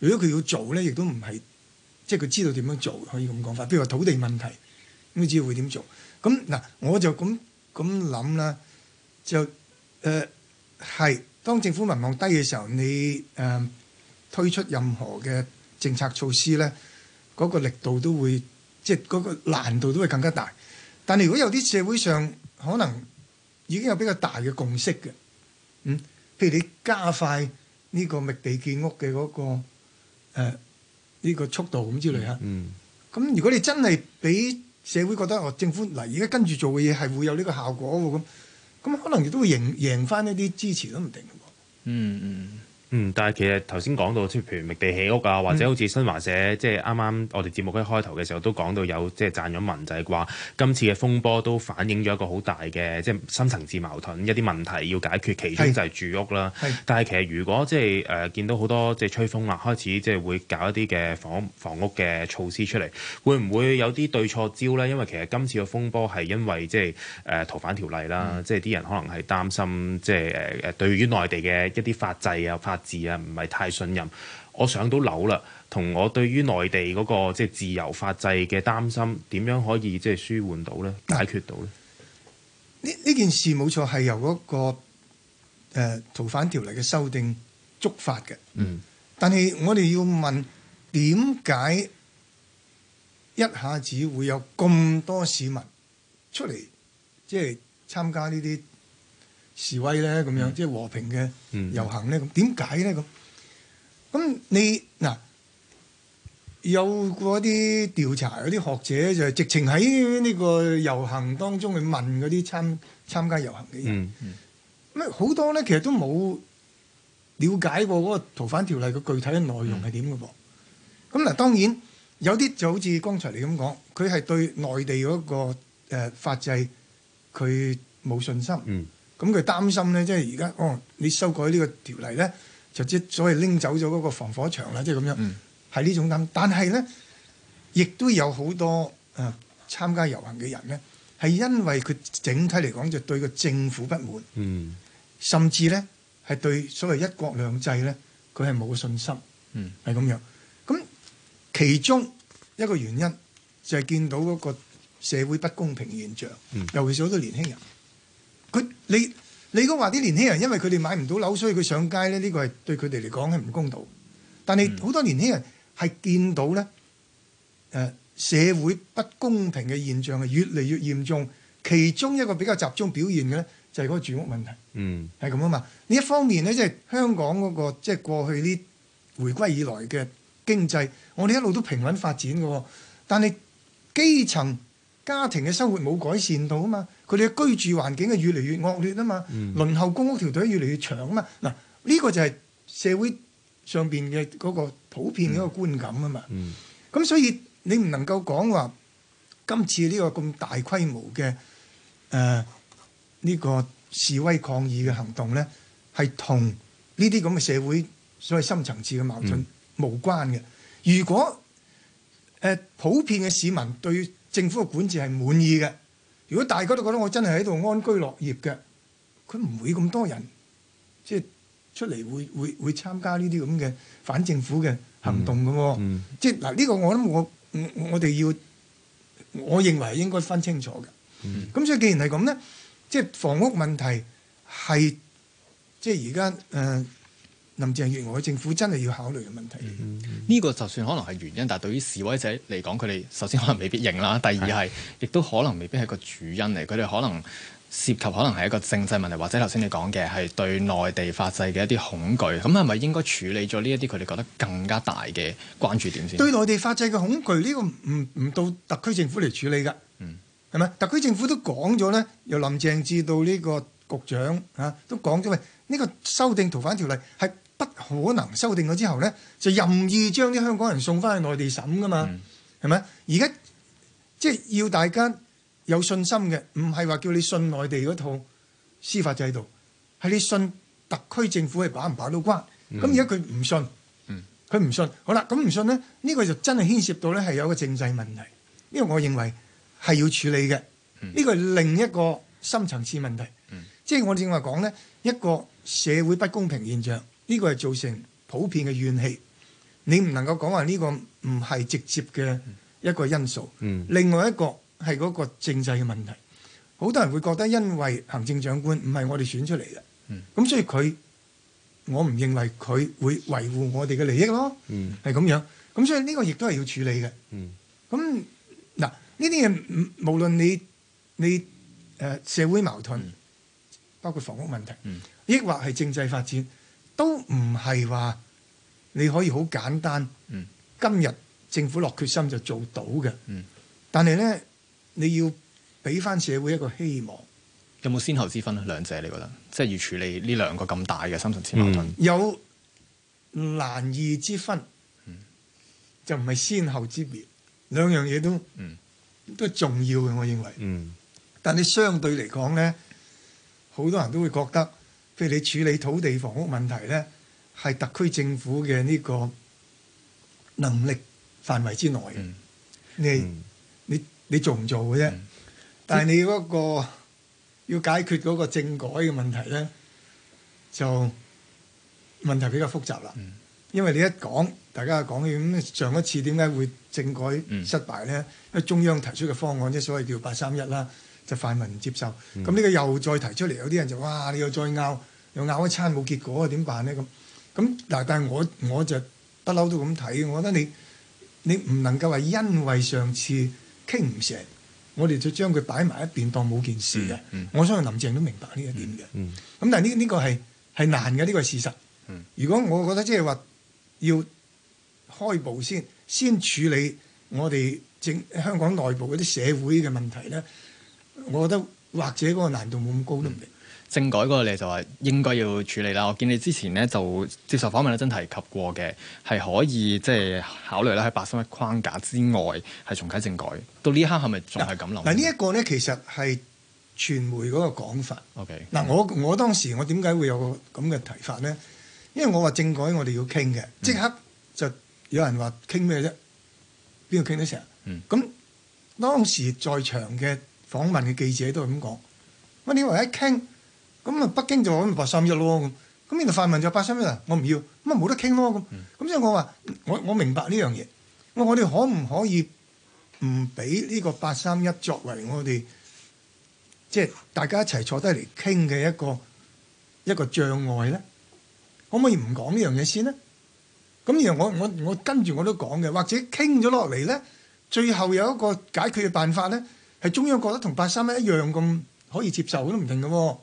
如果佢要做咧，亦都唔係即係佢知道點樣做，可以咁講法。譬如話土地問題，咁佢知道會點做。咁嗱，我就咁咁諗啦，就誒係、呃、當政府民望低嘅時候，你誒、呃、推出任何嘅政策措施咧，嗰個力度都會即係嗰個難度都會更加大。但係如果有啲社會上可能，已經有比較大嘅共識嘅，嗯，譬如你加快呢個密地建屋嘅嗰、嗰個呢、呃呢個速度咁之類嚇，咁、嗯、如果你真係俾社會覺得哦，政府嗱而家跟住做嘅嘢係會有呢個效果喎，咁咁可能亦都會贏贏翻一啲支持都唔定嘅，嗯嗯。嗯嗯，但係其實頭先講到譬如《密地起屋啊，或者好似新華社即係啱啱我哋節目一開頭嘅時候都講到有即係賺咗民仔話今次嘅風波都反映咗一個好大嘅即係深層次矛盾，一啲問題要解決，其中就係住屋啦。但係其實如果即係誒、呃、見到好多即係吹風啊，開始即係會搞一啲嘅房房屋嘅措施出嚟，會唔會有啲對錯招呢？因為其實今次嘅風波係因為即係誒、呃、逃犯條例啦，嗯、即係啲人可能係擔心即係誒誒對於內地嘅一啲法制啊、法字啊，唔係太信任我上到樓啦，同我對於內地嗰個即係自由法制嘅擔心，點樣可以即係舒緩到咧？解決到咧？呢呢件事冇錯係由嗰個、呃、逃犯條例嘅修訂觸發嘅。嗯，但係我哋要問點解一下子會有咁多市民出嚟即係參加呢啲？示威咧，咁、嗯、樣即係和平嘅遊行咧，咁點解咧？咁咁你嗱有嗰啲調查，有啲學者就係、是、直情喺呢個遊行當中去問嗰啲參參加遊行嘅人，咩、嗯、好、嗯、多咧？其實都冇了解過嗰個逃犯條例嘅具體嘅內容係點嘅噃。咁、嗯、嗱，當然有啲就好似剛才你咁講，佢係對內地嗰個、呃、法制佢冇信心。嗯咁佢擔心咧，即係而家，哦，你修改呢個條例咧，就即所謂拎走咗嗰個防火牆啦，即係咁樣，係、嗯、呢種諗。但係咧，亦都有好多啊參加遊行嘅人咧，係因為佢整體嚟講就對個政府不滿，嗯、甚至咧係對所謂一國兩制咧，佢係冇信心，係、嗯、咁樣。咁其中一個原因就係見到嗰個社會不公平現象，嗯、尤其是好多年輕人。佢你你都話啲年輕人因為佢哋買唔到樓，所以佢上街咧，呢個係對佢哋嚟講係唔公道。但係好多年輕人係見到咧，誒社會不公平嘅現象係越嚟越嚴重。其中一個比較集中表現嘅咧，就係嗰個住屋問題。嗯，係咁啊嘛。另一方面咧，即係香港嗰個即係過去啲回歸以來嘅經濟，我哋一路都平穩發展㗎喎。但係基層家庭嘅生活冇改善到啊嘛。佢哋嘅居住環境係越嚟越惡劣啊嘛、嗯，輪候公屋條隊越嚟越長啊嘛，嗱呢、呢個就係社會上邊嘅嗰個普遍嘅一個觀感啊嘛，咁、嗯、所以你唔能夠講話今次呢個咁大規模嘅誒呢個示威抗議嘅行動咧，係同呢啲咁嘅社會所謂深層次嘅矛盾、嗯、無關嘅。如果誒、呃、普遍嘅市民對政府嘅管治係滿意嘅。如果大家都覺得我真係喺度安居落業嘅，佢唔會咁多人，即係出嚟會會會參加呢啲咁嘅反政府嘅行動嘅喎、哦嗯嗯。即係嗱呢個我諗我我哋要，我認為應該分清楚嘅。咁、嗯、所以既然係咁咧，即係房屋問題係即係而家誒。呃林鄭月娥嘅政府真係要考慮嘅問題。呢、嗯嗯嗯、個就算可能係原因，但係對於示威者嚟講，佢哋首先可能未必認啦。第二係，亦的都可能未必係個主因嚟。佢哋可能涉及可能係一個政制問題，或者頭先你講嘅係對內地法制嘅一啲恐懼。咁係咪應該處理咗呢一啲佢哋覺得更加大嘅關注點先？對內地法制嘅恐懼呢、呢個唔唔到特區政府嚟處理㗎。嗯，係咪特區政府都講咗咧？由林鄭至到呢個局長嚇、啊、都講咗喂，呢、呢個修訂逃犯條例係。不可能修訂咗之後咧，就任意將啲香港人送翻去內地審噶嘛？係、mm. 咪？而家即係要大家有信心嘅，唔係話叫你信內地嗰套司法制度，係你信特區政府係把唔把到關。咁而家佢唔信，佢、mm. 唔信。好啦，咁唔信咧，呢、呢個就真係牽涉到咧，係有一個政制問題。呢個我認為係要處理嘅，呢、mm. 個係另一個深層次問題。Mm. 即係我正話講咧，一個社會不公平現象。呢、這個係造成普遍嘅怨氣，你唔能夠講話呢個唔係直接嘅一個因素。嗯，另外一個係嗰個政制嘅問題，好多人會覺得，因為行政長官唔係我哋選出嚟嘅，嗯，咁所以佢，我唔認為佢會維護我哋嘅利益咯。嗯，係咁樣，咁所以呢個亦都係要處理嘅。嗯，咁嗱，呢啲嘢無論你你誒、呃、社會矛盾、嗯，包括房屋問題，嗯，抑或係政制發展都唔係話你可以好簡單、嗯，今日政府落決心就做到嘅、嗯。但係咧，你要俾翻社會一個希望。有冇先後之分咧？兩者你覺得，即係要處理呢兩個咁大嘅深層次矛盾，有難易之分，嗯、就唔係先後之別。兩樣嘢都、嗯、都重要嘅，我認為。嗯、但係你相對嚟講咧，好多人都會覺得。譬如你處理土地房屋問題咧，係特區政府嘅呢個能力範圍之內、嗯、你、嗯、你你做唔做嘅啫、嗯？但係你嗰個要解決嗰個政改嘅問題咧，就問題比較複雜啦、嗯。因為你一講，大家講起咁上一次點解會政改失敗咧？因為、嗯、中央提出嘅方案，即所謂叫八三一啦，就泛民唔接受。咁、嗯、呢個又再提出嚟，有啲人就哇，你又再拗。又咬一餐冇結果啊，點辦咧？咁咁嗱，但係我我就不嬲都咁睇，我覺得你你唔能夠話因為上次傾唔成，我哋就將佢擺埋一邊當冇件事嘅、嗯嗯。我相信林鄭都明白呢一點嘅。咁、嗯嗯、但係呢呢個係係難嘅，呢、呢個係事實。如果我覺得即係話要開步先，先處理我哋整香港內部嗰啲社會嘅問題咧，我覺得或者嗰個難度冇咁高都唔定。嗯政改嗰個，你就話應該要處理啦。我見你之前咧就接受訪問咧，真提及過嘅係可以即係考慮咧喺八三一框架之外係重啟政改。到呢一刻係咪仲係咁諗？嗱，呢一個咧其實係傳媒嗰個講法。OK，嗱，我我當時我點解會有個咁嘅提法咧？因為我話政改我哋要傾嘅，即刻就有人話傾咩啫？邊度傾得成？嗯，咁當時在場嘅訪問嘅記者都係咁講。我你話一傾。咁啊，北京就話八三一咯，咁呢度泛民就八三一，我唔要，咁啊冇得傾咯，咁、嗯，咁所以我話我我明白呢樣嘢，我我哋可唔可以唔俾呢個八三一作為我哋即係大家一齊坐低嚟傾嘅一個一個障礙咧？可唔可以唔講呢樣嘢先咧？咁然後我我我跟住我都講嘅，或者傾咗落嚟咧，最後有一個解決嘅辦法咧，係中央覺得同八三一一樣咁可以接受都唔定嘅喎。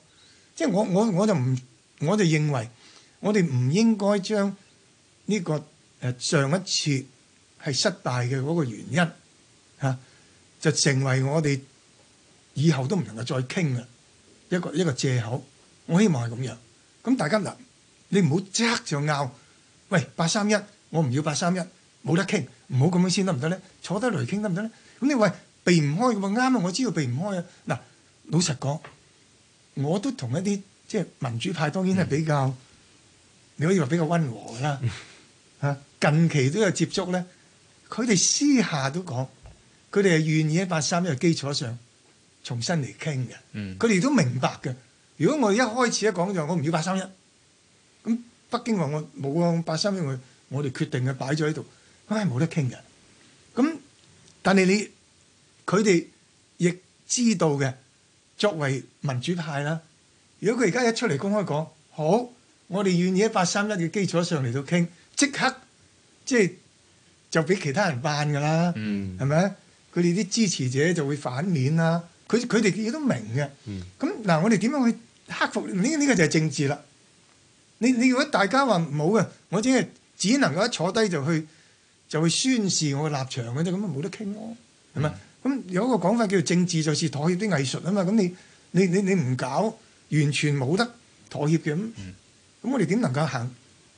即係我我我就唔我就認為我哋唔應該將呢個誒上一次係失敗嘅嗰個原因嚇、啊、就成為我哋以後都唔能夠再傾啦一個一個藉口。我希望係咁樣。咁大家嗱，你唔好即刻就拗，喂，八三一我唔要八三一，冇得傾，唔好咁樣先得唔得咧？坐低嚟傾得唔得咧？咁你話避唔開嘅喎，啱啊，我知道避唔開啊。嗱老實講。我都同一啲即係民主派，當然係比較、嗯，你可以話比較溫和啦嚇、嗯。近期都有接觸咧，佢哋私下都講，佢哋係願意喺八三一嘅基礎上重新嚟傾嘅。嗯、佢哋都明白嘅。如果我一開始一講就我唔要八三一，咁北京話我冇啊八三一，我我哋決定嘅擺咗喺度，咁係冇得傾嘅。咁但係你佢哋亦知道嘅。作為民主派啦，如果佢而家一出嚟公開講好，我哋願意喺八三一嘅基礎上嚟到傾，即刻即係就俾其他人扮㗎啦，嗯、係咪？佢哋啲支持者就會反面啦，佢佢哋亦都明嘅。咁、嗯、嗱，我哋點樣去克服呢？呢、呢個就係政治啦。你你如果大家話冇嘅，我只係只能夠一坐低就去就去宣示我嘅立場嘅啫，咁啊冇得傾咯，係咪？嗯。咁有一個講法叫做政治就是妥協啲藝術啊嘛，咁你你你你唔搞，完全冇得妥協嘅咁，嗯、我哋點能夠行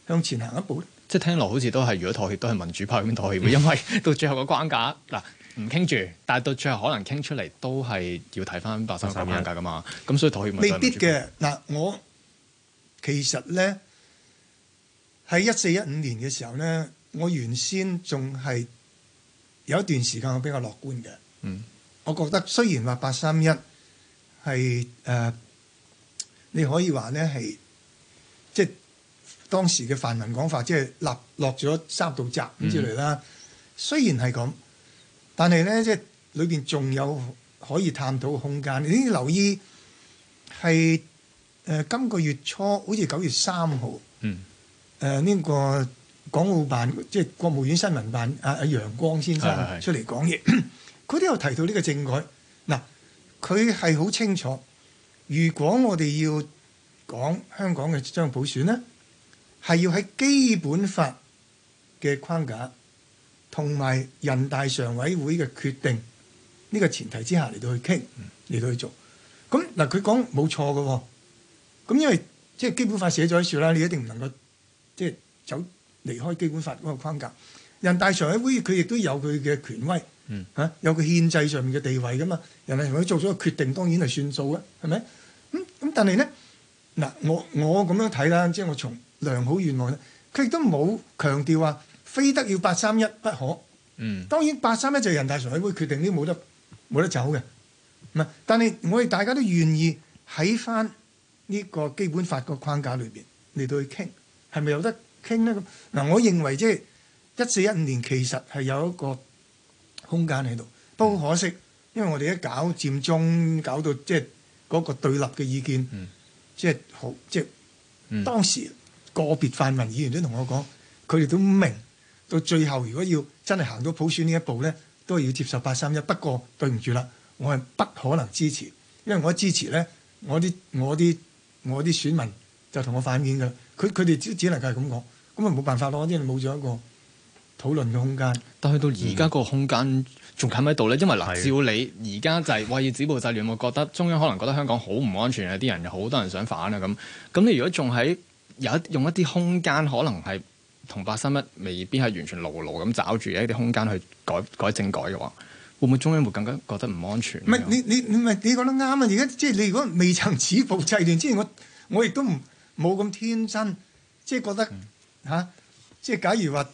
向前行一步咧？即係聽落好似都係，如果妥協都係民主派咁妥協，嗯、因為 到最後個關卡，嗱唔傾住，但係到最後可能傾出嚟都係要睇翻八三三關卡噶嘛，咁、嗯、所以妥協未必嘅嗱。我其實咧喺一四一五年嘅時候咧，我原先仲係有一段時間我比較樂觀嘅。嗯，我覺得雖然話八三一係誒，你可以話咧係即係當時嘅泛民講法，即係立落咗三道閘之類啦、嗯。雖然係咁，但係咧即係裏邊仲有可以探討嘅空間。你留意係誒、呃、今個月初好似九月三號，誒、嗯、呢、呃呢個港澳辦即係國務院新聞辦阿阿楊光先生出嚟講嘢。哎 佢都有提到呢個政改，嗱，佢係好清楚，如果我哋要講香港嘅雙普選咧，係要喺基本法嘅框架同埋人大常委會嘅決定呢、這個前提之下嚟到去傾，嚟、嗯、到去做。咁嗱，佢講冇錯嘅，咁因為即係基本法寫咗喺度啦，你一定唔能夠即係走離開基本法嗰個框架。人大常委會佢亦都有佢嘅權威。嗯嚇，有個憲制上面嘅地位噶嘛，人大常委做咗個決定，當然係算數嘅，係咪？咁、嗯、咁，但係咧嗱，我我咁樣睇啦，即係我從良好願望咧，佢亦都冇強調話非得要八三一不可。嗯，當然八三一就係人大常委會決定，呢冇得冇得走嘅。唔係，但係我哋大家都願意喺翻呢個基本法個框架裏邊嚟到去傾，係咪有得傾咧？咁、嗯、嗱、嗯，我認為即係一四一五年其實係有一個。空間喺度，不過可惜，因為我哋一搞佔中，搞到即係嗰、那個對立嘅意見，嗯、即係好即係、嗯。當時個別泛民議員都同我講，佢哋都明，到最後如果要真係行到普選呢一步咧，都係要接受八三一。不過對唔住啦，我係不可能支持，因為我支持咧，我啲我啲我啲選民就同我反面㗎。佢佢哋只只能夠係咁講，咁啊冇辦法咯，因為冇咗一個。討論嘅空間，但去到而家個空間仲喺喺度咧？嗯、因為嗱，照你而家就係、是、喂 止暴制亂，我覺得中央可能覺得香港好唔安全，有啲人又好多人想反啊咁。咁你如果仲喺有一用一啲空間，可能係同百生一未必係完全牢牢咁抓住一啲空間去改改政改嘅話，會唔會中央會更加覺得唔安全？唔係你你唔係你講得啱啊！而家即係你如果未曾止暴制亂之前，我我亦都唔冇咁天真，即係覺得吓、嗯啊，即係假如話。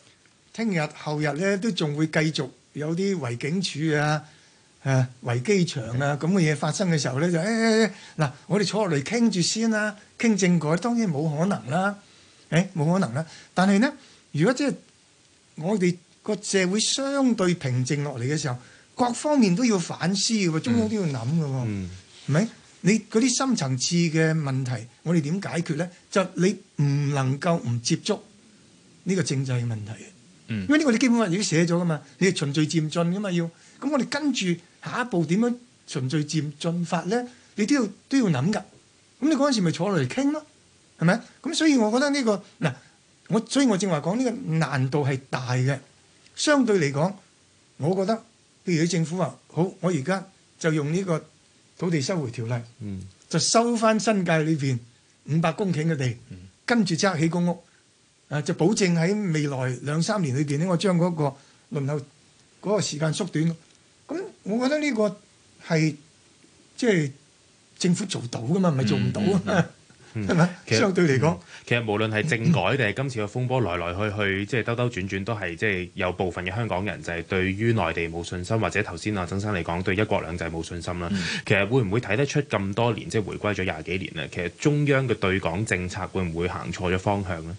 聽日、後日咧都仲會繼續有啲圍警署啊、誒、啊、圍機場啊咁嘅嘢發生嘅時候咧，就誒嗱、哎哎，我哋坐落嚟傾住先啦、啊，傾政改當然冇可能啦，誒、哎、冇可能啦。但係咧，如果即係我哋個社會相對平靜落嚟嘅時候，各方面都要反思嘅喎，中央都要諗嘅喎，係、嗯、咪？你嗰啲深層次嘅問題，我哋點解決咧？就你唔能夠唔接觸呢個政制嘅問題。因為呢個你基本法已經寫咗噶嘛，你係循序漸進噶嘛要，咁我哋跟住下一步點樣循序漸進法咧？你都要都要諗噶，咁你嗰陣時咪坐落嚟傾咯，係咪？咁所以我覺得呢個嗱，我所以我正話講呢個難度係大嘅，相對嚟講，我覺得譬如你政府話好，我而家就用呢個土地收回條例、嗯，就收翻新界裏面五百公頃嘅地，跟住即刻起公屋。誒就保證喺未來兩三年裏邊咧，我將嗰個輪候嗰個時間縮短。咁，我覺得呢個係即係政府做到㗎嘛，唔係做唔到啊？係、嗯、咪、嗯、 相對嚟講、嗯，其實無論係政改定係今次嘅風波，來來去去即係兜兜轉轉都係，都係即係有部分嘅香港人就係對於內地冇信心，或者頭先阿曾生嚟講對一國兩制冇信心啦、嗯。其實會唔會睇得出咁多年即係、就是、回歸咗廿幾年咧？其實中央嘅對港政策會唔會行錯咗方向咧？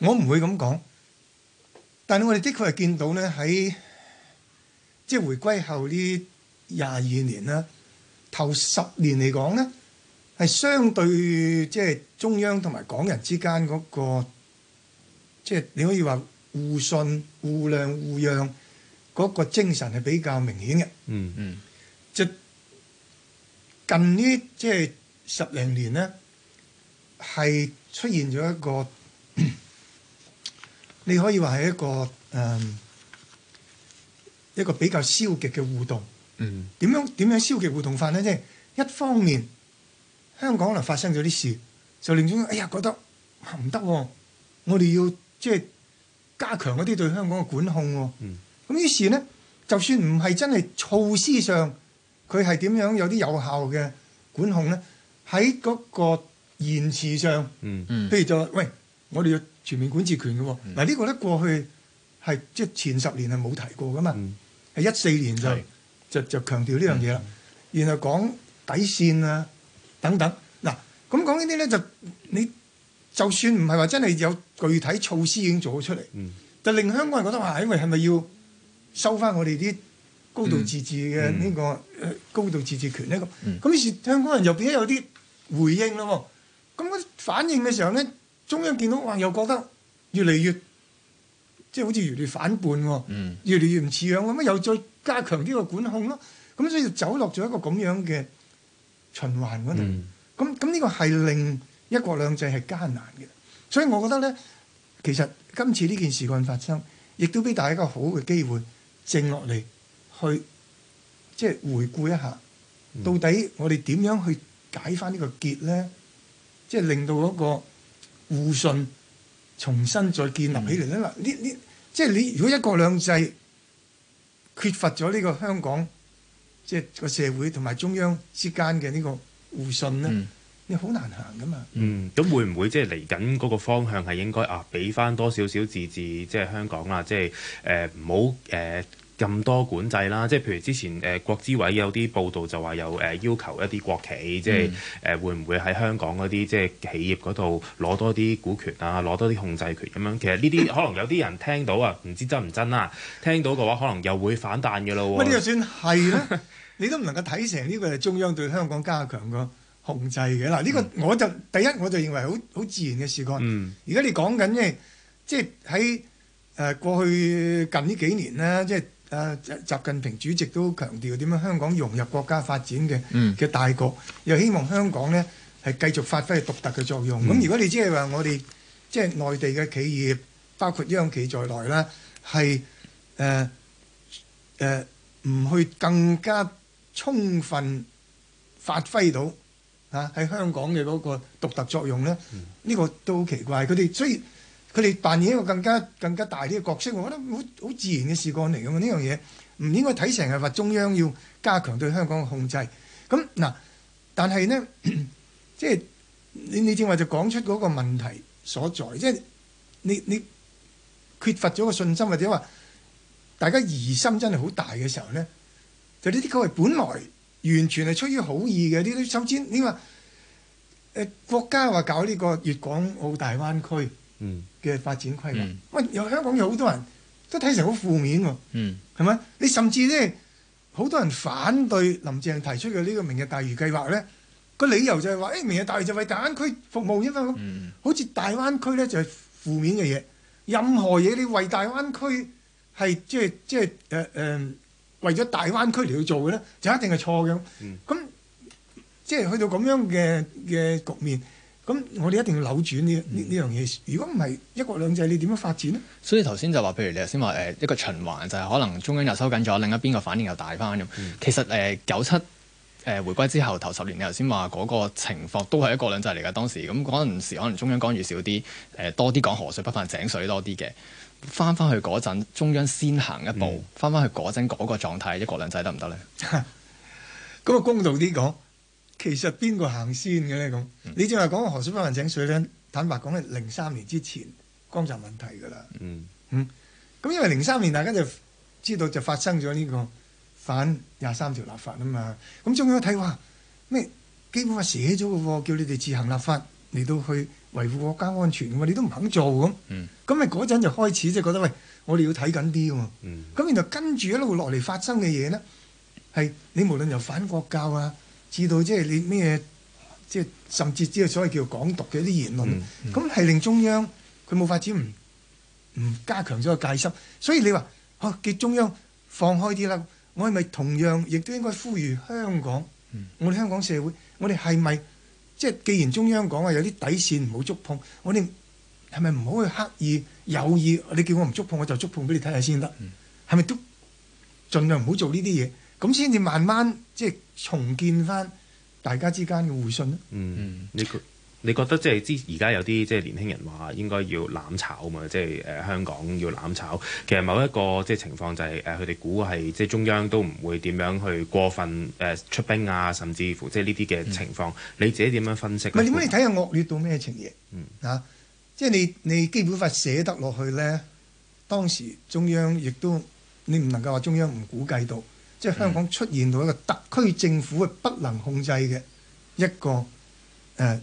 我唔會咁講，但係我哋的確係見到咧，喺即係回歸後呢廿二年啦，頭十年嚟講咧，係相對即係、就是、中央同埋港人之間嗰、那個即係、就是、你可以話互信、互諒、互讓嗰個精神係比較明顯嘅。嗯、mm、嗯 -hmm.，即近於即係十零年咧，係出現咗一個。 你可以話係一個誒、嗯、一個比較消極嘅互動。嗯。點樣點樣消極互動法咧？即係一方面，香港可能發生咗啲事，就令到哎呀覺得唔得、啊哦，我哋要即係、就是、加強嗰啲對香港嘅管、哦嗯、管控。咁於是咧，就算唔係真係措施上，佢係點樣有啲有效嘅管控咧？喺嗰個言辭上，嗯嗯，譬如就喂，我哋要。全面管治權嘅喎，嗱、嗯、呢、呢個咧過去係即係前十年係冇提過嘅嘛，係、嗯、一四年就就就強調呢樣嘢啦，然後講底線啊等等，嗱咁講呢啲咧就你就算唔係話真係有具體措施已經做咗出嚟、嗯，就令香港人覺得話，因為係咪要收翻我哋啲高度自治嘅呢、呢個、嗯、高度自治權咧咁？咁於是香港人又變有啲回應啦喎，咁反應嘅時候咧。中央見到話，又覺得越嚟越即係好似越嚟越反叛喎、嗯，越嚟越唔似樣咁，咪又再加強呢個管控咯。咁所以就走落咗一個咁樣嘅循環嗰度。咁咁呢個係令一國兩制係艱難嘅。所以我覺得咧，其實今次呢件事件發生，亦都俾大家一個好嘅機會靜落嚟去即係回顧一下，到底我哋點樣去解翻呢個結咧？即係令到嗰、那個。互信重新再建立起嚟咧。嗱，呢、嗯、呢，即係你如果一國兩制缺乏咗呢個香港即係個社會同埋中央之間嘅呢個互信咧、嗯，你好難行噶嘛。嗯，咁會唔會即係嚟緊嗰個方向係應該啊俾翻多少少自治即係香港呀，即係誒唔好誒？呃咁多管制啦，即係譬如之前誒、呃、國資委有啲報道就話有誒、呃、要求一啲國企，嗯、即係誒、呃、會唔會喺香港嗰啲即係企業嗰度攞多啲股權啊，攞多啲控制權咁樣。其實呢啲可能有啲人聽到真真啊，唔知真唔真啦。聽到嘅話，可能又會反彈嘅咯喎。呢、嗯、就算係啦， 你都唔能夠睇成呢個係中央對香港加強個控制嘅嗱。呢、呢個我就、嗯、第一我就認為好好自然嘅事幹。嗯。而家你講緊即係即係喺誒過去近呢幾年啦，即係。誒、啊、習近平主席都強調點樣香港融入國家發展嘅、嘅、嗯、大局，又希望香港咧係繼續發揮獨特嘅作用。咁、嗯、如果你即係話我哋即係內地嘅企業，包括央企在內啦，係誒誒唔去更加充分發揮到嚇喺、啊、香港嘅嗰個獨特作用咧，呢、嗯、呢個都好奇怪，佢哋雖然。佢哋扮演一個更加更加大啲嘅角色，我覺得好好自然嘅事光嚟㗎嘛！呢樣嘢唔應該睇成係話中央要加強對香港嘅控制。咁嗱，但係呢，即係你你正話就講出嗰個問題所在，即係你你缺乏咗個信心，或者話大家疑心真係好大嘅時候呢，就呢啲佢係本來完全係出於好意嘅。呢啲首先你話誒、呃、國家話搞呢個粵港澳大灣區，嗯。嘅發展規劃，喂、嗯，有香港有好多人都睇成好負面喎，係、嗯、咪？你甚至咧，好多人反對林鄭提出嘅呢個明日大嶼計劃咧，個理由就係話，誒，明日大嶼就為大灣區服務㗎嘛、嗯，好似大灣區咧就係負面嘅嘢，任何嘢你為大灣區係即係即係誒誒，為咗大灣區嚟去做嘅咧，就一定係錯嘅。咁、嗯，即係、就是、去到咁樣嘅嘅局面。咁我哋一定要扭轉呢呢呢樣嘢。如果唔係一國兩制，你點樣發展呢？所以頭先就話，譬如你頭先話誒一個循環，就係可能中央又收緊咗，另一邊個反應又大翻咁、嗯。其實誒九七誒回歸之後頭十年你，你頭先話嗰個情況都係一國兩制嚟㗎。當時咁嗰陣時，可能中央干預少啲，誒、呃、多啲講河水不犯井水多啲嘅。翻翻去嗰陣，中央先行一步，翻、嗯、翻去嗰陣嗰個狀態，一國兩制得唔得咧？咁啊，公道啲講。其實邊個行先嘅咧？咁、嗯、你正話講河水不犯井水咧？坦白講係零三年之前江澤問題嘅啦。嗯，嗯，咁因為零三年大家就知道就發生咗呢個反廿三條立法啊嘛。咁中央睇話咩？基本法寫咗㗎喎，叫你哋自行立法嚟到去維護國家安全嘅喎，你都唔肯做咁。咁咪嗰陣就開始即係覺得喂，我哋要睇緊啲喎。嗯，咁、嗯、然後跟住一路落嚟發生嘅嘢咧，係你無論由反國教啊～至到即係你咩嘢，即係甚至知道所謂叫港獨嘅一啲言論，咁、嗯、係、嗯、令中央佢冇法子唔唔加強咗個戒心，所以你話，哦叫中央放開啲啦，我係咪同樣亦都應該呼籲香港，嗯、我哋香港社會，我哋係咪即係既然中央講話有啲底線唔好觸碰，我哋係咪唔好去刻意有意你叫我唔觸碰我就觸碰俾你睇下先得，係、嗯、咪都盡量唔好做呢啲嘢，咁先至慢慢即係。重建翻大家之間嘅互信呢，嗯，你你覺得即係之而家有啲即係年輕人話應該要攬炒嘛？即係誒香港要攬炒。其實某一個即係情況就係誒佢哋估係即係中央都唔會點樣去過分誒出兵啊，甚至乎即係呢啲嘅情況、嗯。你自己點樣分析？唔係點解你睇下惡劣到咩情形？嗯，啊，即係你你基本法寫得落去咧，當時中央亦都你唔能夠話中央唔估計到。即係香港出現到一個特區政府嘅不能控制嘅一個誒、呃、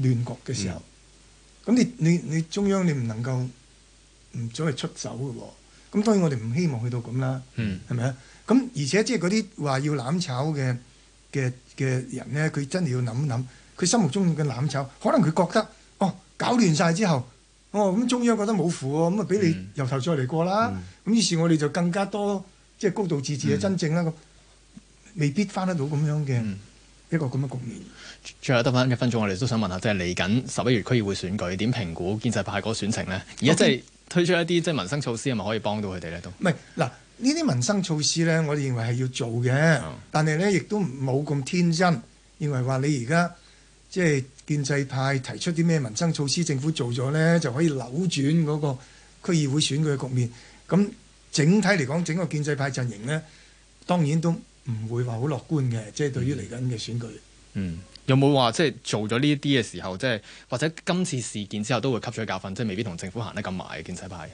亂局嘅時候，咁、嗯、你你你中央你唔能夠唔走去出手嘅喎、哦，咁當然我哋唔希望去到咁啦，係咪啊？咁而且即係嗰啲話要攬炒嘅嘅嘅人咧，佢真係要諗諗，佢心目中嘅攬炒，可能佢覺得哦搞亂晒之後，哦咁中央覺得冇符喎，咁啊俾你由頭再嚟過啦，咁、嗯、於是我哋就更加多。即係高度自治嘅真正咧、嗯，未必翻得到咁樣嘅一個咁嘅局面。嗯嗯、最後得翻一分鐘，我哋都想問下，即係嚟緊十一月區議會選舉，點評估建制派嗰個選情咧？而家即係推出一啲即係民生措施，係咪可以幫到佢哋咧？都唔係嗱，呢啲民生措施咧，我哋認為係要做嘅、嗯，但係咧亦都冇咁天真，認為話你而家即係建制派提出啲咩民生措施，政府做咗咧就可以扭轉嗰個區議會選舉嘅局面咁。整體嚟講，整個建制派陣營咧，當然都唔會話好樂觀嘅，即、嗯、係、就是、對於嚟緊嘅選舉。嗯，有冇話即係做咗呢啲嘅時候，即、就、係、是、或者今次事件之後都會吸取教訓，即、就、係、是、未必同政府行得咁埋建制派。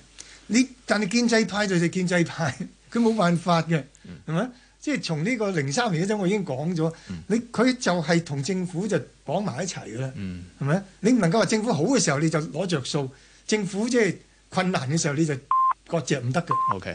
你但係建制派就係建制派，佢冇辦法嘅，係、嗯、咪？即係、就是、從呢個零三年嗰陣我已經講咗、嗯，你佢就係同政府就綁埋一齊嘅啦，係、嗯、咪？你唔能夠話政府好嘅時候你就攞着數，政府即係困難嘅時候你就割席唔得嘅。O K。Okay.